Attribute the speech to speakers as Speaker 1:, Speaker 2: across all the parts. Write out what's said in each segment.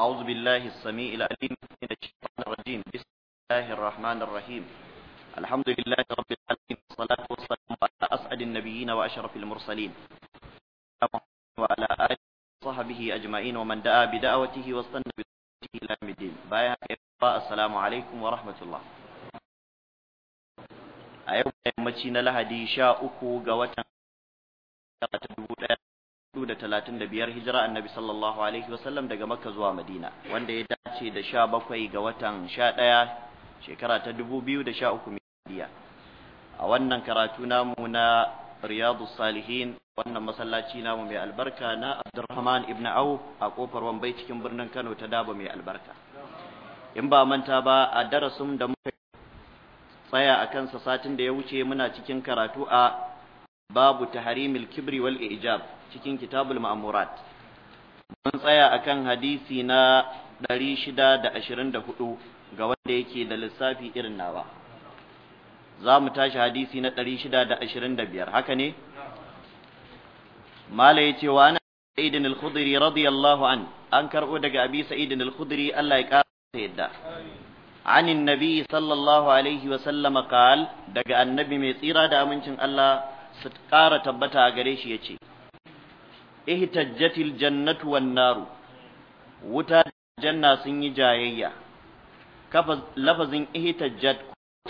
Speaker 1: أعوذ بالله السميع العليم من الشيطان الرجيم بسم الله الرحمن الرحيم الحمد لله رب العالمين والصلاة والسلام على أسعد النبيين وأشرف المرسلين وعلى آله وصحبه أجمعين ومن دعا بدعوته واستنى بسنته إلى يوم الدين السلام عليكم ورحمة الله أيوة يمتين لها دي شاء أكو قوة da talatin hijira annabi sallallahu alaihi wasallam daga makka zuwa madina wanda ya dace da sha bakwai ga watan sha ɗaya shekara ta dubu biyu da sha uku miliya a wannan karatu namu na riyadu salihin wannan masallaci namu mai albarka na abdurrahman ibn au a kofar wambai cikin birnin kano ta daba mai albarka in ba manta ba a darasin da muka tsaya a kansa satin da ya wuce muna cikin karatu a babu taharimil kibri wal ijab cikin kitabul ma'amurat mun tsaya akan hadisi na 624 ga wanda yake da lissafi irin nawa za mu tashi hadisi na 625 haka ne mala yace wa ana sa'id al-khudri radiyallahu an an karbo daga abi sa'id al-khudri Allah ya kara yadda عن Sallallahu alaihi wa عليه وسلم daga annabi mai tsira da amincin Allah. su ƙara tabbata a gare shi ya ce tajjatil jannatu wan naru wuta janna sun yi jayayya lafazin ihtajjat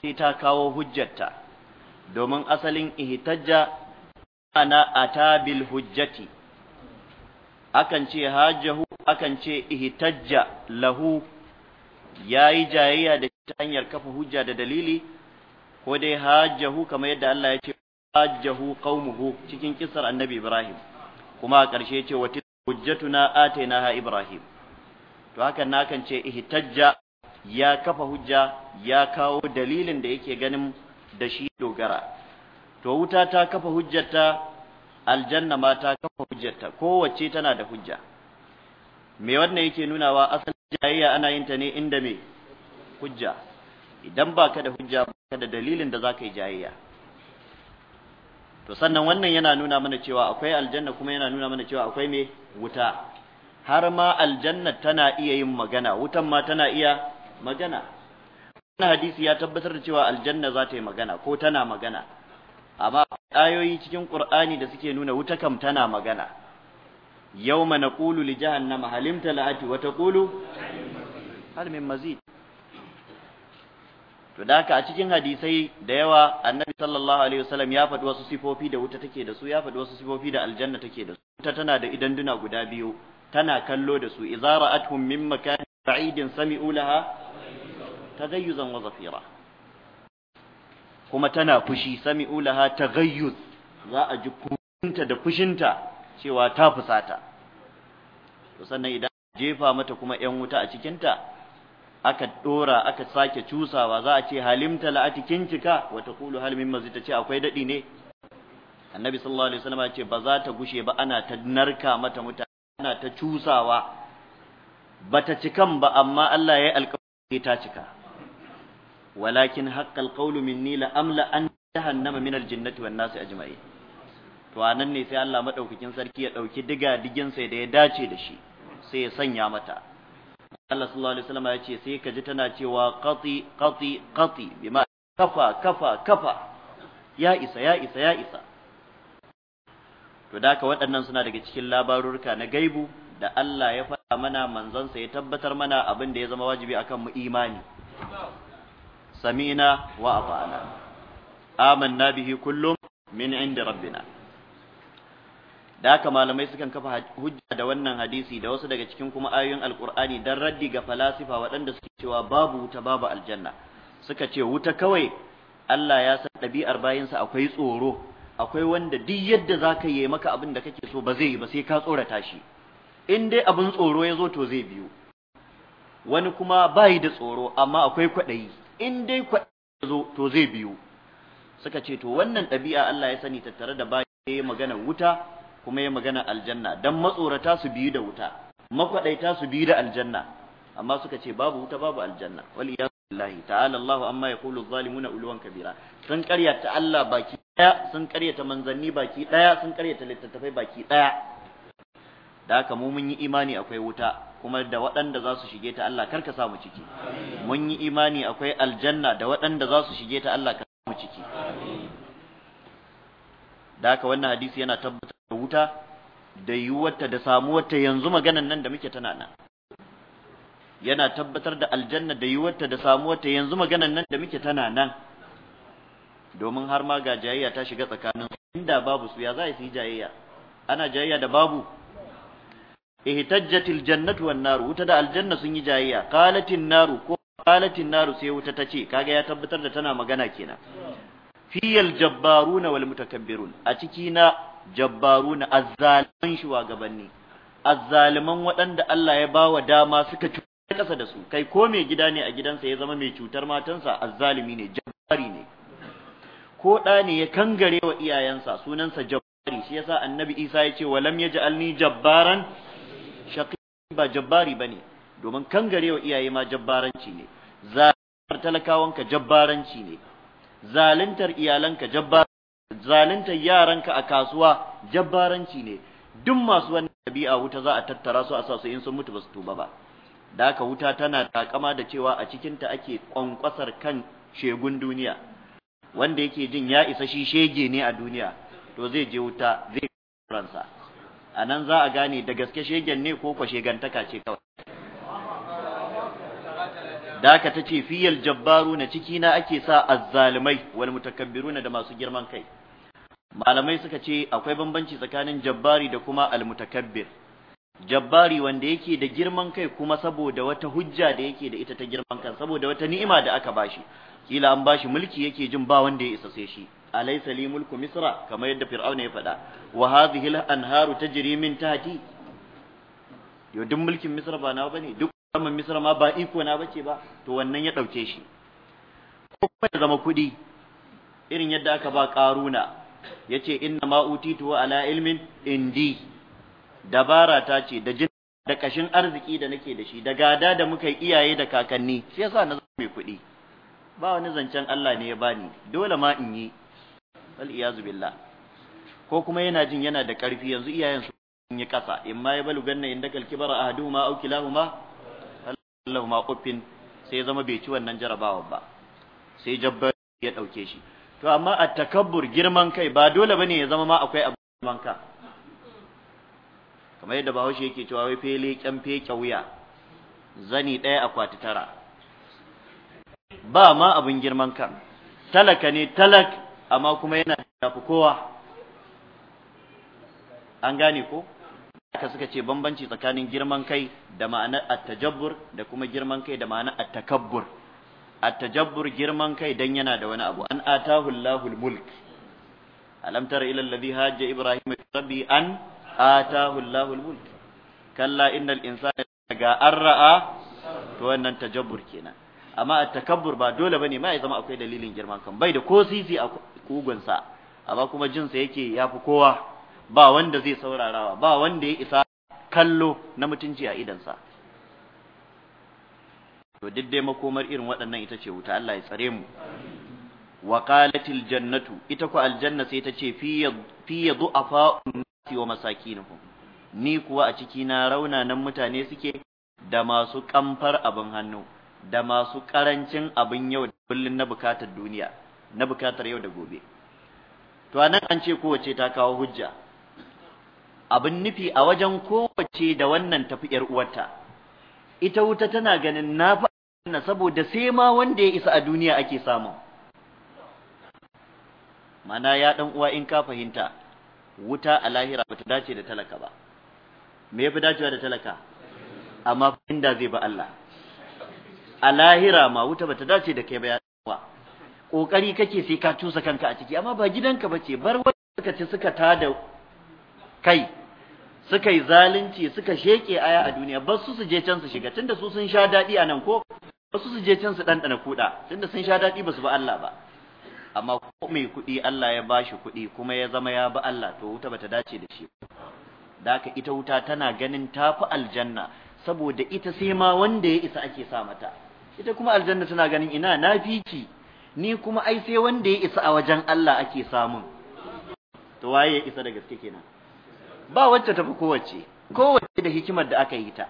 Speaker 1: ce ta kawo hujjata, domin asalin tajja ana a tabil hujjati akan ce hajjahu akan ce tajja lahu Ya yi jayayya da ta hanyar kafa hujja da dalili ko dai hajjahu kamar yadda Allah ya ce hajjahu qaumuhu cikin kisar annabi Ibrahim kuma a ƙarshe ce wa hujjatuna atainaha Ibrahim to hakan na kan ce ihtajja ya kafa hujja ya kawo dalilin da yake ganin da shi dogara to wuta ta kafa hujjarta aljanna ma ta kafa hujjarta kowace tana da hujja me wannan yake nunawa asalin jayayya ana yin ta ne inda me hujja idan baka da hujja baka da dalilin da zaka yi jayayya to sannan wannan yana nuna mana cewa akwai aljanna kuma yana nuna mana cewa akwai me wuta har ma aljanna tana iya yin magana wutan ma tana iya magana wannan hadisi ya tabbatar da cewa aljanna za ta yi magana ko tana magana amma ayoyi cikin qur'ani da suke nuna wuta kam tana magana yawma naqulu li jahannama halimta la'ati wa taqulu hal min mazid to da haka a cikin hadisai da yawa annabi sallallahu alaihi wasallam ya faɗi wasu sifofi da wuta take da su ya faɗi wasu sifofi da aljanna take da su wuta tana da idanduna guda biyu tana kallo da su idza ra'atuhum min makan ba'idin sami'u laha tagayyuzan wa zafira kuma tana fushi sami'u laha tagayyuz za a ji kunta da fushinta cewa ta fusata to sannan idan jefa mata kuma ƴan wuta a cikinta aka dora aka sake cusawa za a ce halimta la'ati kincika wa taqulu hal min mazid ta ce akwai daɗi ne annabi sallallahu alaihi wasallam ya ce ba za ta gushe ba ana ta narka mata mutane ana ta cusawa Ba ta cikan ba amma Allah ya yi alƙawari ta cika walakin haqqal qawlu minni la amla an jahannama min aljinnati wan nasi ajma'in to anan ne sai Allah madaukakin sarki ya dauki diga digin sai da ya dace da shi sai ya sanya mata Allah sallallahu alaihi wasallam ya ce sai ka ji tana cewa qati qati qati ma kafa kafa kafa ya isa ya isa ya isa to da ka waɗannan suna daga cikin labarurka na gaibu da Allah ya faɗa mana manzansa ya tabbatar mana abin da ya zama wajibi akan mu imani sami'na wa ata'na amanna bihi kullum min inda rabbina da haka malamai sukan kafa hujja da wannan hadisi da wasu daga cikin kuma ayoyin alkur'ani dan raddi ga falasifa waɗanda suke cewa babu wuta babu aljanna suka ce wuta kawai Allah ya san ɗabi'ar bayinsa akwai tsoro akwai wanda duk yadda za ka yi maka abin da kake so ba zai yi ba sai ka tsorata shi in dai abin tsoro ya zo to zai biyu wani kuma yi da tsoro amma akwai kwaɗayi in dai kwaɗayi ya zo to zai biyu suka ce to wannan ɗabi'a Allah ya sani tattare da bayi magana wuta kuma ya magana aljanna dan matsorata su biyu da wuta makwadaita su biyu da aljanna amma suka ce babu wuta babu aljanna wal iyallahi ta'ala Allahu amma yaqulu zalimuna uluwan kabira sun karyata Allah baki daya sun karyata manzanni baki daya sun karyata littattafai baki daya da haka mu mun yi imani akwai wuta kuma da waɗanda za su shige ta Allah kar ka samu ciki mun yi imani akwai aljanna da waɗanda za su shige ta Allah kar ka samu ciki da haka wannan hadisi yana tabbatar da wuta da yiwuwarta da samuwarta yanzu maganan nan da muke tana nan yana tabbatar da aljanna da yiwuwarta da samuwarta yanzu maganan nan da muke tana nan domin har ma ga jayayya ta shiga tsakanin inda babu su ya za su yi jayayya ana jayayya da babu ihtajjatil jannatu wan naru wuta da aljanna sun yi jayayya qalatin naru ko qalatin naru sai wuta ta ce kaga ya tabbatar da tana magana kenan fiyal jabbaruna wal mutakabbirun a ciki na jabbaruna azzaliman shugabanni azzaliman waɗanda Allah ya bawa dama suka cuta ƙasa da su kai ko mai gida ne a gidansa ya zama mai cutar matansa azzalimi ne jabbari ne ko ɗa ne ya kangarewa wa iyayensa sunansa jabbari shi yasa annabi Isa ya ce walam yaj'alni jabbaran shaqi ba jabbari bane domin kangarewa iyaye ma jabbaranci ne zalar talakawanka jabbaranci ne zaluntar iyalanka jabbar zaluntar yaranka a kasuwa jabbaranci ne duk masu wannan dabi'a wuta za a tattara su a sa su in sun mutu ba su tuba ba da haka wuta tana takama da cewa a cikin ta ake kwankwasar kan shegun duniya wanda yake jin ya isa shi shege ne a duniya to zai je wuta zai ransa a nan za a gane da gaske shegen ne ko kwashegantaka gantaka ce kawai da aka ta ce fiyal jabbaru na ciki na ake sa azzalimai wal mutakabbiruna da masu girman kai malamai suka ce akwai bambanci tsakanin jabbari da kuma al mutakabbir jabbari wanda yake da girman kai kuma saboda wata hujja da yake da ita ta girman kan saboda wata ni'ima da aka bashi kila an bashi mulki yake jin ba wanda ya isa sai shi alaysa li mulku misra kamar yadda fir'auna ya faɗa wa hadhihi al anharu tajri min tahti yo duk mulkin misra ba nawa bane duk musamman misra ma ba iko na bace ba to wannan ya ɗauke shi ko kuma ya zama kuɗi irin yadda aka ba karuna yace inna ma utitu ala ilmin indi dabara ta ce da jin da kashin arziki da nake da shi da gada da muka yi iyaye da kakanni shi yasa na zama mai kuɗi ba wani zancen Allah ne ya bani dole ma in yi wal iyazu billah ko kuma yana jin yana da karfi yanzu iyayen su sun yi kasa in ma ya baluganna inda kalkibara ahaduhuma aw kilahuma ma kufin sai zama bai ci wannan jarabawa ba sai jabbar ya dauke shi to amma at takabbur girman kai ba dole bane ya zama ma akwai abu girman ka kamar yadda Bahaushe yake cewa wai fele kyan fe wuya zani daya akwati tara ba ma abun girman ka talaka ne talak amma kuma yana da kowa an gane ko ka suka ce bambanci tsakanin girman kai da ma'anar attajabbur da kuma girman kai da ma'anar attakabbur attajabbur girman kai dan yana da wani abu an atahu Allahul mulk alam tara ila alladhi hajja ibrahim rabbi an atahu Allahul mulk kalla innal insana ga arra'a to wannan tajabbur kenan amma attakabbur ba dole bane mai zama akwai dalilin girman kan bai da ko sisi a kugunsa amma kuma jinsa yake yafi kowa ba wanda zai saurarawa ba wanda ya isa kallo na mutunci a idansa to duk dai makomar irin waɗannan ita ce wuta Allah ya tsare mu wa qalatil jannatu ita ku aljanna sai ta ce fi fi du'afa'un nasi wa masakinuhum ni kuwa a ciki na rauna nan mutane suke da masu kamfar abin hannu da masu karancin abin yau da kullun na bukatar duniya na bukatar yau da gobe to anan an ce kowace ta kawo hujja abin nufi a wajen kowace da wannan tafi ‘yar uwarta, ita wuta tana ganin na fi na saboda sai ma wanda ya isa a duniya ake samu. Mana ya ɗan uwa in ka fahimta, wuta a lahira ba ta dace da talaka ba. Me ya fi dacewa da talaka? Amma inda zai ba Allah. A lahira ma wuta ba ta dace da kai ba ya Ƙoƙari kake sai ka cusa kanka a ciki, amma ba gidanka ba ce, bar wani suka ci suka tada kai. suka yi zalunci suka sheke aya a duniya ba su su je can su shiga tunda su sun sha daɗi a nan ko ba su su je can su ɗanɗana kuɗa tunda sun sha daɗi ba su ba Allah ba amma ko mai kuɗi Allah ya bashi kuɗi kuma ya zama ya ba Allah to wuta bata dace da shi da ka ita wuta tana ganin tafi aljanna saboda ita sai ma wanda ya isa ake sa mata ita kuma aljanna tana ganin ina na fiki ni kuma ai sai wanda ya isa a wajen Allah ake samun to waye ya isa da gaske kenan ba wacce tafi kowace kowace da hikimar da aka yi ta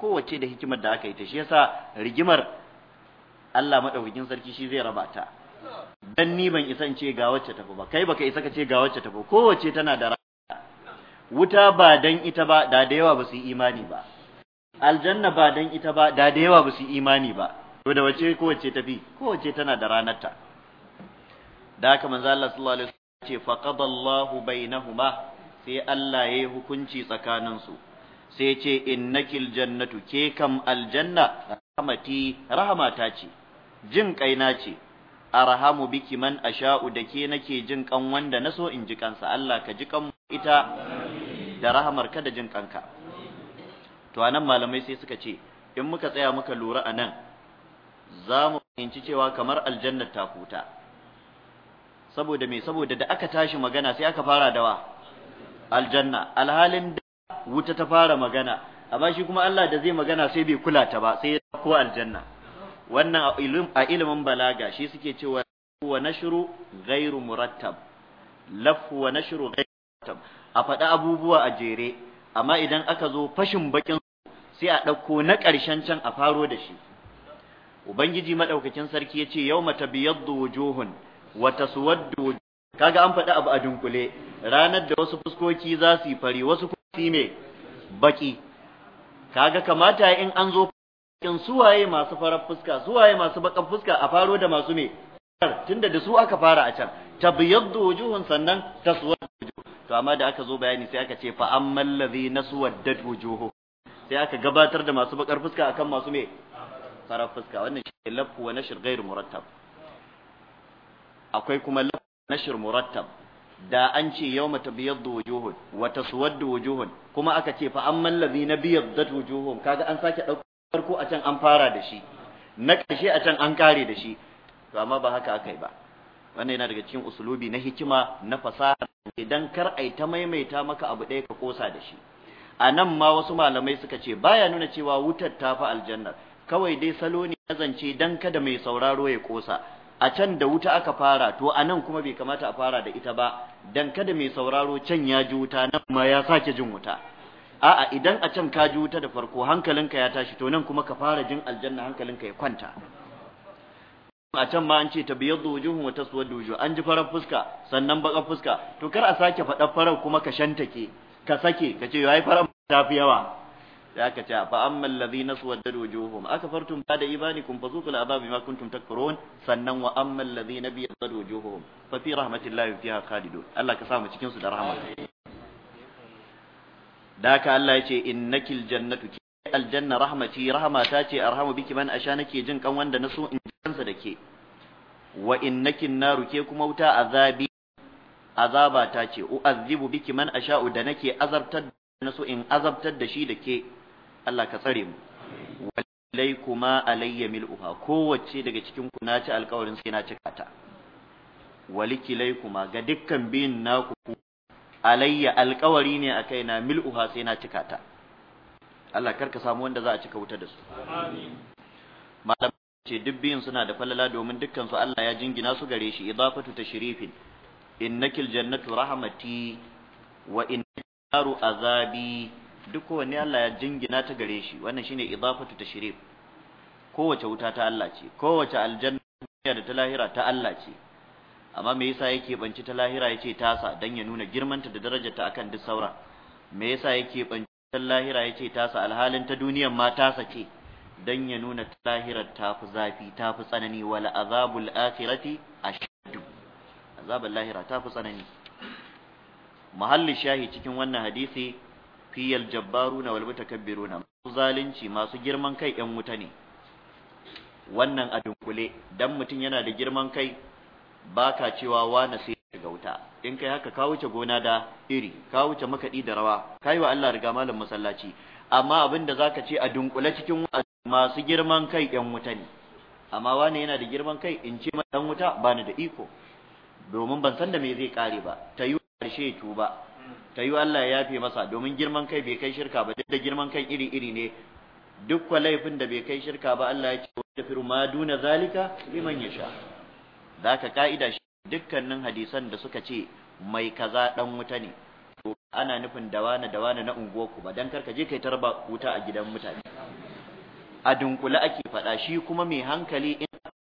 Speaker 1: kowace da hikimar da aka yi ta shi yasa rigimar Allah madaukakin sarki shi zai raba ta dan ni ban isa ce ga wacce tafi ba kai baka isa ka ce ga wacce tafi kowace tana da rana. wuta ba dan ita ba da da yawa ba su yi imani ba aljanna ba dan ita ba da da yawa ba su yi imani ba to da wace kowace tafi kowace tana da ta da haka manzo Allah sallallahu alaihi wasallam ce faqadallahu bainahuma sai Allah ya yi hukunci tsakaninsu sai ce innakil jannatu ke kam aljanna rahmati rahmata ce jin kaina ce arhamu biki man asha'u da ke nake jin kan wanda na so in ji kansa Allah ka ji kan ita da rahamar ka da jin kanka to anan malamai sai suka ce in muka tsaya muka lura anan za mu fahimci cewa kamar aljannar ta huta saboda me saboda da aka tashi magana sai aka fara dawa aljanna alhalin da wuta ta fara magana amma shi kuma Allah da zai magana sai bai kula ta ba sai ya ko aljanna wannan a ilimin balaga shi suke cewa wa nashru ghairu murattab laf wa nashru ghairu murattab a faɗi abubuwa a jere amma idan aka zo fashin bakin sai a ɗauko na ƙarshen can a faro da shi ubangiji madaukakin sarki yace yawma tabyaddu wujuhun wa taswaddu kaga an faɗi abu a dunkule ranar da wasu fuskoki za su yi fari wasu kuma mai baki kaga kamata in an zo in suwaye masu farar fuska suwaye masu bakan fuska a faro da masu me tunda da su aka fara a can tabyaddu wujuhun sannan taswaddu wujuh to amma da aka zo bayani sai aka ce fa ammal ladhina suwaddat wujuhu sai aka gabatar da masu bakar fuska akan masu me farar fuska wannan shi lafku wa nashr ghairu murattab akwai kuma lafu nashr murattab da an ce biyar da wujuhun suwar da wujuhun kuma aka ce fa an na biyar da wujuhun kaga an sake ɗaukar farko a can an fara da shi na ƙarshe a can an kare da shi to amma ba haka aka yi ba wannan yana daga cikin usulubi na hikima na fasaha idan kar ai ta maimaita maka abu ɗaya ka ƙosa da shi a nan ma wasu malamai suka ce baya nuna cewa wutar ta fi aljanna, kawai dai salo ne ya zance dan kada mai sauraro ya ƙosa. a can da wuta aka fara to a nan kuma bai kamata a fara da ita ba dan kada mai sauraro can ya ji wuta nan ma ya sake jin wuta a'a idan a can ka ji wuta da farko hankalinka ya tashi to nan kuma ka fara jin aljanna hankalinka ya kwanta a can ma an ce ta biyar wujuhum wa taswaddu dujo an ji farar fuska sannan baƙar fuska to kar a sake faɗar farar kuma ka shantake ka sake ka ce yayi farar ta fi yawa sai aka ce fa ammal ladhina suwaddat wujuhum akafartum ba'da imanikum fazuqul adhab bima kuntum takfurun sannan wa ammal ladhina biyaddat wujuhum fa fi rahmatillahi fiha khalidun Allah ka samu cikin su da rahama da ka Allah ya ce innakil jannatu ki aljanna rahmati rahama ta ce arhamu biki man asha nake jin kan wanda na so in kansa da ke wa innakin naru ke kuma wuta azabi azaba ta ce u'azzibu biki man asha'u da nake azabtar da na so in azabtar da shi da ke Allah ka tsare mu walai kuma alayya mil'uha kowace daga cikin ku na ci alƙawarin sai na cika ta kuma ga dukkan biyun naku alayya alƙawari ne a kaina mil'uha sai na cika ta Allah karka samu wanda za a cika wuta da su malam ce duk biyun suna da falala domin dukkan su Allah ya jingina su gare shi idafatu tashrifin innakil jannatu rahmati wa innaru azabi duk kowanne Allah ya jingina ta gare shi wannan shine idafatu tashrif kowace wuta ta Allah ce kowace aljanna da ta lahira ta Allah ce amma me yasa yake banci ta lahira yace tasa dan ya nuna girmanta da darajarta akan duk saura me yasa yake banci ta lahira yace tasa alhalin ta duniyar ma tasa ce dan ya nuna ta lahira ta fi zafi ta fi tsanani wal azabul akhirati ashaddu azabul lahira ta fi tsanani mahallin shahi cikin wannan hadisi fiyal jabbaruna wal mutakabbiruna zalunci masu girman kai ƴan wuta ne wannan a dunkule dan mutum yana da girman kai baka cewa wani sai ga wuta in kai haka ka wuce gona da iri ka wuce makaɗi da rawa kai wa Allah riga malam masallaci amma abin da zaka ce a dunkule cikin masu girman kai ƴan wuta ne amma wani yana da girman kai in ce ma dan wuta bani da iko domin ban san da me zai kare ba ta yi karshe tuba ka yi Allah ya yafe masa domin girman kai bai kai shirka ba da girman kai iri iri ne duk kwa laifin da bai kai shirka ba Allah ya ce wa tafiru ma duna zalika liman Za ka ka'ida shi dukkanin hadisan da suka ce mai kaza dan wuta ne to ana nufin dawana dawana na unguwarku ba dan ka je kai tarba wuta a gidan mutane a dunkule ake faɗa shi kuma mai hankali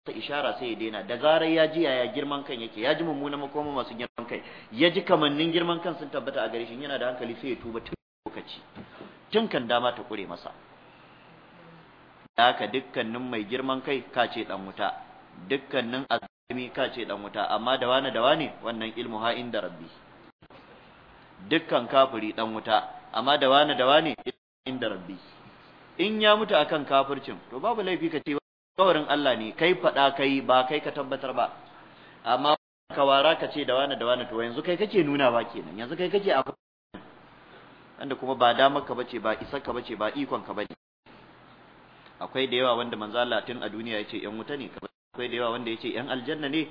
Speaker 1: ishara sai ya daina da zarar ya ji yaya girman kan yake ya ji mummuna makoma masu girman kai ya ji kamannin girman kan sun tabbata a gare shi yana da hankali sai ya tuba tun lokaci tun kan dama ta kure masa da haka dukkanin mai girman kai ka ce dan wuta dukkanin azami ka ce dan wuta amma da wani da wani wannan ilmu ha inda rabbi dukkan kafiri dan wuta amma da wani da wani inda rabbi in ya mutu akan kafircin to babu laifi ka ce kawarin Allah ne kai faɗa kai ba kai ka tabbatar ba amma ka wara ka ce da wani da wani to yanzu kai kake nuna ba kenan yanzu kai kake a wanda kuma ba damar ka bace ba isar ka bace ba ikon ka bane akwai da yawa wanda manzo Allah tun a duniya yace yan wuta ne akwai da yawa wanda yace yan aljanna ne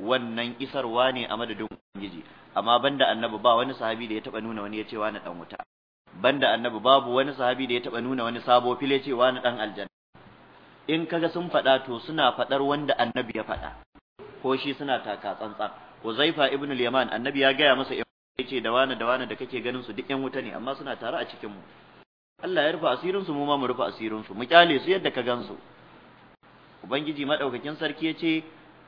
Speaker 1: wannan isarwa ne a madadin ubangiji amma banda annabi ba wani sahabi da ya taba nuna wani yace wani dan wuta banda annabi babu wani sahabi da ya taba nuna wani sabo file yace wani dan aljanna in kaga sun faɗa to suna faɗar wanda annabi ya faɗa ko shi suna taka tsantsan huzaifa ibn al-Yaman annabi ya gaya masa yace da wani da wani da kake ganin su duk yan wuta ne amma suna tare a cikin mu Allah ya rufe asirin su mu ma mu rufe asirin su mu kyale su yadda ka gansu ubangiji madaukakin sarki yace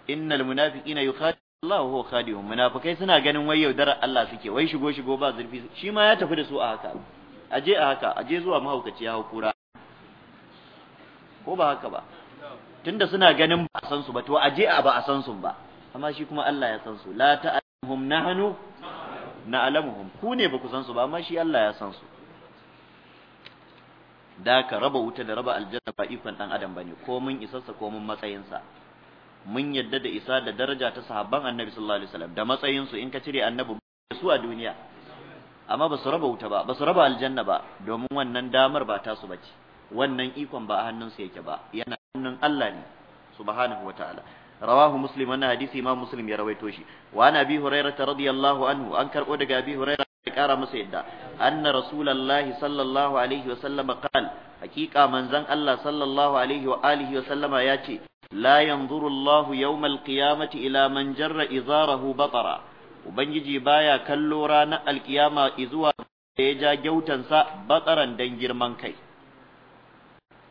Speaker 1: innal munafiqina yukhadi'un Allah huwa khadihum munafikai suna ganin wai yaudarar Allah suke wai shigo shigo ba zurfi shi ma ya tafi da su a haka aje a haka aje zuwa mahaukaci ya kura. ko ba haka ba tunda suna ganin ba a san su ba to aje a ba a san su ba amma shi kuma Allah ya san su la ta'lamuhum nahnu na'lamuhum ku ne ba ku san su ba amma shi Allah ya san su da ka raba wuta da raba aljanna ba ikon dan adam bane ko mun isarsa ko mun matsayinsa mun yadda da isa da daraja ta sahabban annabi sallallahu alaihi wasallam da matsayinsu in ka cire annabi su a duniya amma ba su raba wuta ba ba su raba aljanna ba domin wannan damar ba tasu bace wannan ikon ba a hannunsa yake ba yana hannun Allah ne subhanahu wa ta'ala rawahu muslim wannan hadisi imam muslim ya rawaito shi wa ana bi hurairah radiyallahu anhu an karbo daga bi hurairah ya kara masa yadda anna rasulullahi sallallahu alaihi wa sallama qal hakika manzon Allah sallallahu alaihi wa alihi wa sallama ya ce la yanzuru Allahu yawmal qiyamati ila man jarra izarahu batara ubangiji baya kallo ranar alkiyama izuwa da ya ja gyautansa batsaran dan girman kai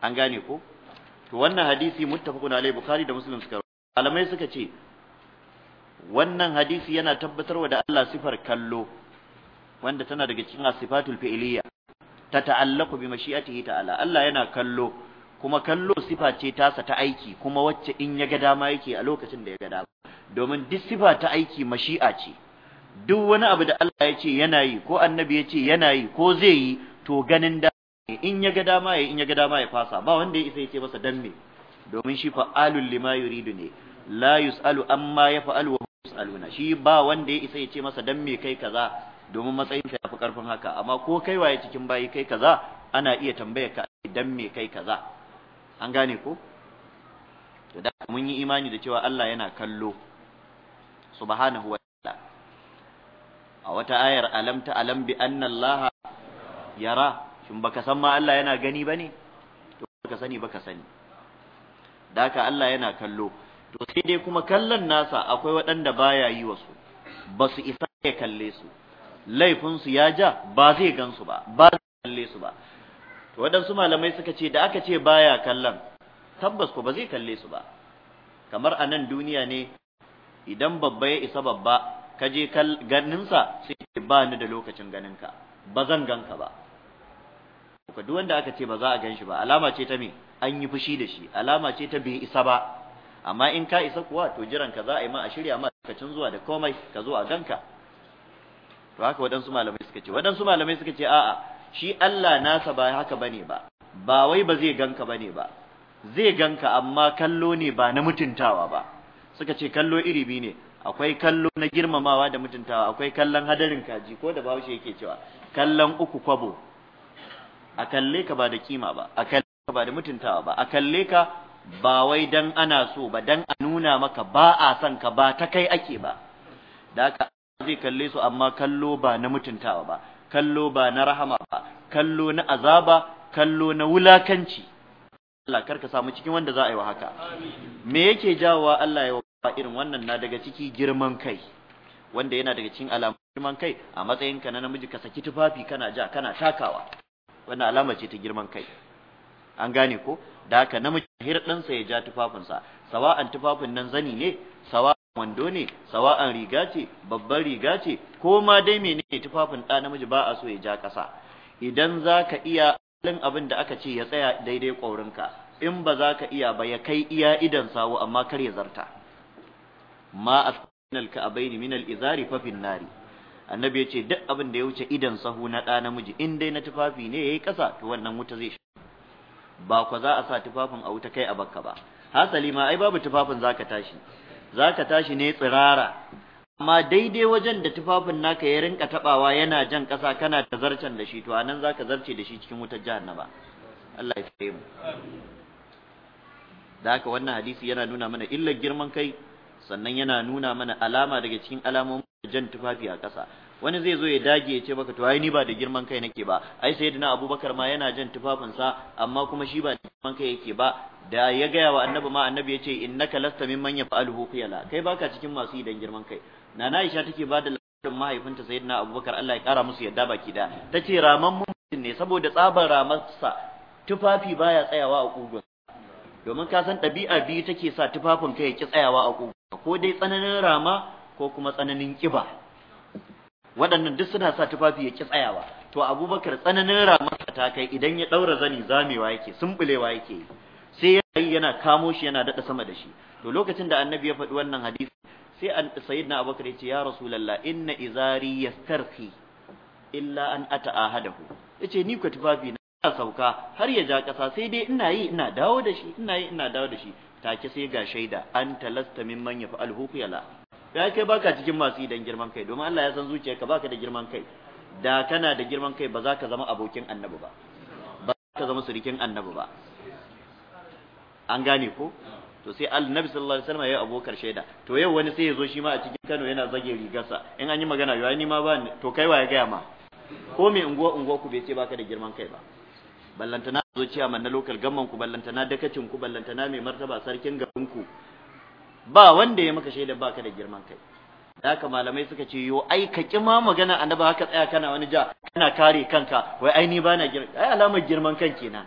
Speaker 1: an gane ko to wannan hadisi muttafaqun alai bukhari da muslim suka malamai suka ce wannan hadisi yana tabbatarwa da Allah sifar kallo wanda tana daga cikin asifatul fi'liya ta ta'allaqu bi mashi'atihi ta'ala Allah yana kallo kuma kallo sifa ce tasa ta aiki kuma wacce in ya ga dama yake a lokacin da ya ga dama domin duk sifa ta aiki mashi'a ce duk wani abu da Allah ya ce yana yi ko annabi ya ce yana yi ko zai yi to ganin da. in ya ga dama ya in ya ga dama ya fasa ba wanda ya isa ya ce masa dan me domin shi fa'alul lima yuridu ne la yus'alu amma yaf'alu wa yus'aluna shi ba wanda ya isa ya ce masa dan me kai kaza domin matsayin yafi karfin haka amma ko kai waye cikin bayi kai kaza ana iya tambaya ka dan me kai kaza an gane ko to da mun yi imani da cewa Allah yana kallo subhanahu wa ta'ala a wata ayar alam ta alam bi anna allaha yara shin baka san ma Allah yana gani bane to baka sani baka sani daka Allah yana kallo to sai dai kuma kallon nasa akwai waɗanda baya yi wasu ba su isa ya kalle su laifin su ya ja ba zai gansu ba ba zai kalle su ba to waɗansu malamai suka ce da aka ce baya kallon tabbas ko ba zai kalle su ba kamar a nan duniya ne idan babba ya isa babba ka je ganinsa sai ba ni da lokacin ganinka ba zan ganka ba ka duk wanda aka ce ba za a gan shi ba alama ce ta me an yi fushi da shi alama ce ta bai isa ba amma in ka isa kuwa to jiran ka za a yi ma a shirya ma lokacin zuwa da komai ka zo a ganka to haka waɗansu malamai suka ce waɗansu malamai suka ce a'a shi Allah nasa ba haka bane ba ba wai ba zai ganka bane ba zai ganka amma kallo ne ba na mutuntawa ba suka ce kallo iri biyu ne akwai kallo na girmamawa da mutuntawa akwai kallon hadarin kaji ko da shi yake cewa kallon uku kwabo a kalle ka ba da kima ba a kalle ka ba da mutuntawa ba a kalle ka ba wai dan ana so ba dan a nuna maka ba a san ka ba ta kai ake ba da ka zai kalle su amma kallo ba na mutuntawa ba kallo ba na rahama ba kallo na azaba kallo na wulakanci Allah karka samu cikin wanda za a yi wa haka me yake jawowa Allah ya wa irin wannan na daga ciki girman kai wanda yana daga cikin alamun girman kai a matsayinka na namiji ka saki tufafi kana ja kana takawa wannan alama ce ta girman kai an gane ko da haka namiji hir ɗansa ya ja tufafinsa sawa'an tufafin nan zani ne sawa'an wando ne sawa'an riga ce babban riga ce ko ma dai menene tufafin ɗa namiji ba a so ya ja ƙasa idan za ka iya alin abin da aka ce ya tsaya daidai ka, in ba za ka iya ba ya kai iya idan sawo amma kar ya zarta ma asnal ka abaini min al izari fa fin nari annabi ya ce duk abin da ya wuce idan sahu na ɗa namiji in dai na tufafi ne ya yi ƙasa to wannan wuta zai shiga ba kwa za a sa tufafin a wuta kai a bakka ba hasali ma ai babu tufafin zaka tashi zaka tashi ne tsirara amma daidai wajen da tufafin naka ya rinka tabawa yana jan ƙasa kana ta zarcen da shi to a za zaka zarce da shi cikin wutar jahannama Allah ya tsare mu da haka wannan hadisi yana nuna mana illar girman kai sannan yana nuna mana alama daga cikin alamomin jan tufafi a ƙasa wani zai zo ya dage ya ce baka to ai ni ba da girman kai nake ba ai sayyidina abubakar ma yana jan tufafinsa amma kuma shi ba da girman kai yake ba da ya gaya wa annabi ma annabi ya ce innaka lasta mimman yaf'aluhu khiyala kai baka cikin masu yi girman kai nana aisha take ba da labarin mahaifinta sayyidina abubakar Allah ya kara musu yadda baki da tace raman mutum ne saboda tsabar ramarsa tufafi baya tsayawa a kugun domin ka san ɗabi'a biyu take sa tufafin kai ya ki tsayawa a kugun ko dai tsananin rama ko kuma tsananin kiba waɗannan duk suna sa tufafi ya ƙi tsayawa to abubakar tsananin ramarsa ta kai idan ya ɗaura zani zamewa yake sumbulewa yake sai ya yi yana kamo shi yana daɗa sama da shi to lokacin da annabi ya faɗi wannan hadisi sai sayyidina abubakar ya ce ya rasu rasulallah inna izari sarki, illa an ata a ya ce ni ku tufafi na ina sauka har ya ja ƙasa sai dai ina yi ina dawo da shi ina yi ina dawo da shi take sai ga shaida an talasta mimman yaf'alhu yala ya kai baka cikin masu idan girman kai domin Allah ya san zuciyarka baka da girman kai da kana da girman kai ba za ka zama abokin annabi ba ba za ka zama surikin annabi ba an gane ko to sai annabi sallallahu alaihi wasallam ya yi abokar shaida to yau wani sai ya zo shi ma a cikin Kano yana zage rigarsa in an yi magana yau ni ma ba to kai wa ya gaya ma ko me unguwa unguwa ku bai ce baka da girman kai ba ballantana zo ciya man na local gamman ku ballantana dakacin ku ballantana mai martaba sarkin garin ku ba wanda ya maka shaida baka da girman kai da haka malamai suka ce yo ai ka ki ma magana annabi haka tsaya kana wani ja kana kare kanka wai ai ni bana girman ai alamar girman kan kenan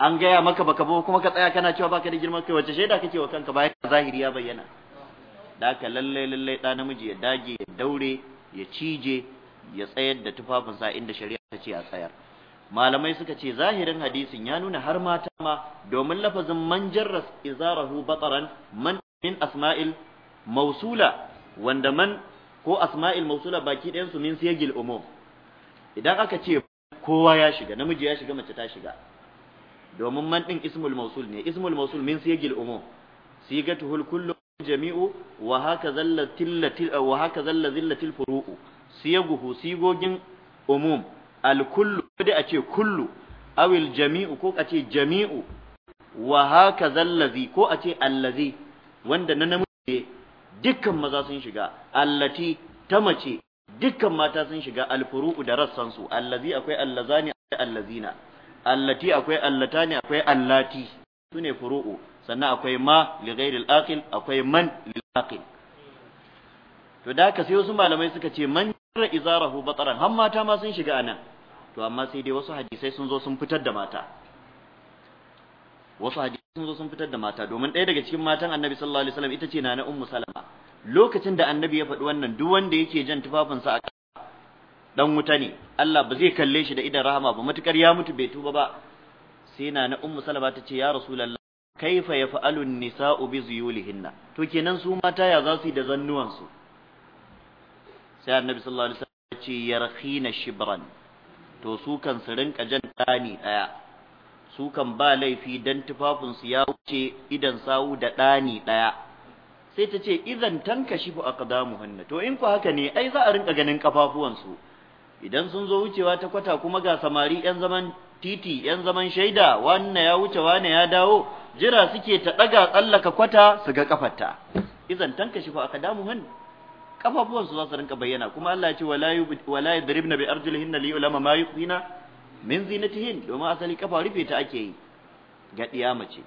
Speaker 1: an gaya maka baka ba kuma ka tsaya kana cewa baka da girman kai wace shaida kake wa kanka ya zahiri ya bayyana da haka lalle lalle da namiji ya dage ya daure ya cije ya tsayar da tufafin tufafinsa inda shari'a ta ce a tsayar malamai suka ce zahirin hadisin ya nuna har mata ma domin lafazin man jarras izarahu bataran man min asma'il mausula wanda man ko asma'il mausula baki ɗayan su min siyagil umum idan aka ce kowa ya shiga namiji ya shiga mace ta shiga domin man din ismul mausul ne ismul mausul min siyagil umum sigatuhul kullu jami'u wa haka zallatil wa haka zallatil furu'u siyaguhu sigogin umum al kullu da a ce kullu awil jami'u ko a ce jami'u wa haka zallazi ko a ce allazi wanda na namiji dukkan maza sun shiga allati ta mace dukkan mata sun shiga alfuru'u da rassan su allazi akwai allazani akwai allazina allati akwai allatani akwai allati sune furu'u sannan akwai ma li ghairil aqil akwai man lil aqil to da haka sai wasu malamai suka ce man jarra izarahu bataran har mata ma sun shiga anan to amma sai dai wasu hadisai sun zo sun fitar da mata wasu hadisai sun zo sun fitar da mata domin ɗaya daga cikin matan annabi sallallahu alaihi wasallam ita ce nana ummu salama lokacin da annabi ya faɗi wannan duk wanda yake jan tufafinsa a dan wuta ne Allah ba zai kalle shi da idan rahama ba matukar ya mutu bai tuba ba sai na ummu salama ta ce ya rasulullah kaifa yaf'alu nisa'u bi zuyulihinna to kenan su mata ya za su yi da zannuwan su sai annabi sallallahu alaihi wasallam ya ce yarkhina shibran to su kan su rinka jan tani daya su kan ba laifi dan tufafinsu ya wuce idan sawu da ɗani ɗaya sai ta ce idan tanka shi bu aqdamu hanna to in ku haka ne ai za a rinka ganin kafafuwansu idan sun zo wucewa ta kwata kuma ga samari yan zaman titi yan zaman shaida wannan ya wuce wannan ya dawo jira suke ta daga tsallaka kwata su ga kafarta idan tanka shi bu aqdamu hanna kafafuwansu za su rinka bayyana kuma Allah ya ce wala yudribna bi arjulihinna li ma yuqina min zinatihin domin asali kafa rufe ta ake yi ga diya mace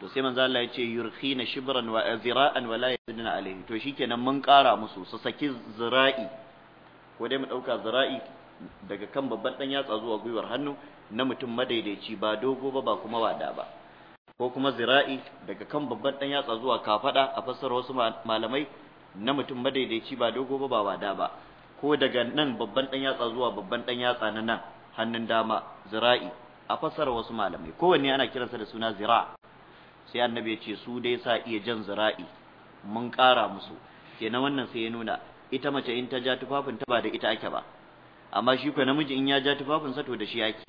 Speaker 1: to sai manzo Allah ya ce yurkhina shibran wa eh, zira'an wa la yadna alayhi to shikenan mun kara musu su saki zira'i ko dai mu dauka zira'i daga kan babban dan yatsa zuwa gwiwar hannu na mutum madaidaici ba dogo ba ba kuma wada ba ko kuma zira'i daga kan babban dan yatsa zuwa kafada a fassara wasu malamai na mutum madaidaici ba dogo ba ba wada ba ko daga nan babban dan yatsa zuwa babban dan yatsa na nan hannun dama zira'i a fassara wasu malamai kowanne ana kiransa da suna zira sai annabi ya ce su dai sa iya jan zira'i mun ƙara musu kenan wannan sai ya nuna ita mace in ta ja tufafin ta ba da ita ake ba amma shi ko namiji in ya ja tufafin sa to da shi ake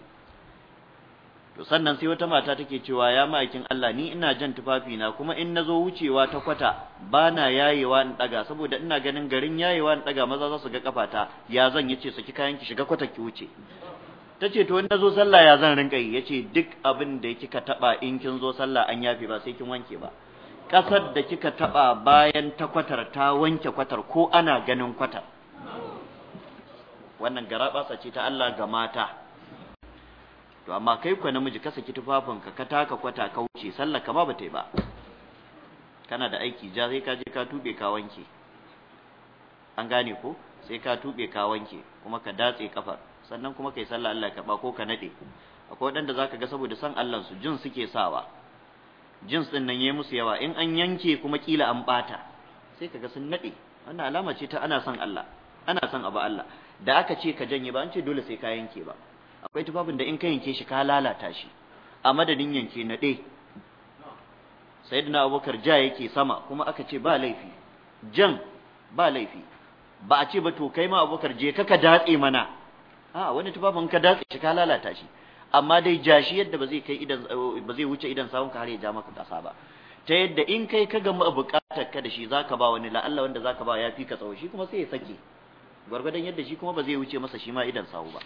Speaker 1: to sannan sai wata mata take cewa ya ma'aikin Allah ni ina jan tufafi na kuma in nazo wucewa ta kwata bana yayewa in daga saboda ina ganin garin yayewa in daga maza za su ga kafata ya zan yace saki kayan ki shiga kwata ki wuce tace to in nazo sallah ya zan rinka yi yace duk abin da kika taba in kin zo sallah an yafi ba sai kin wanke ba kasar da kika taba bayan ta kwatar ta wanke kwatar ko ana ganin kwatar wannan garabasa ce ta Allah ga mata to amma kai ku namiji ka saki tufafinka ka taka kwata ka wuce sallar ka ma ba ta yi ba kana da aiki ja sai ka je ka tube ka wanke an gane ko sai ka tube ka wanke kuma ka datse kafar sannan kuma kai sallar Allah ka ba ko ka nade akwai waɗanda zaka ga saboda san Allah su jin suke sawa jins din nan yayi musu yawa in an yanke kuma kila an bata sai kaga sun nade wannan alama ce ta ana son Allah ana son abu Allah da aka ce ka janye ba an ce dole sai ka yanke ba akwai tufafin da in ka yanke shi ka lalata shi a madadin yanke na ɗe na abokar ja yake sama kuma aka ce ba laifi jan ba laifi ba a ce ba to kai ma abokar je ka ka datse mana a wani tufafin ka datse shi ka lalata shi amma dai ja shi yadda ba zai kai idan ba zai wuce idan sawun ka har ya ja maka kasa ba ta yadda in kai ka gama buƙatar ka da shi zaka ba wani la'alla wanda zaka ba ya fi ka tsawo shi kuma sai ya sake gwargwadon yadda shi kuma ba zai wuce masa shi ma idan sawu ba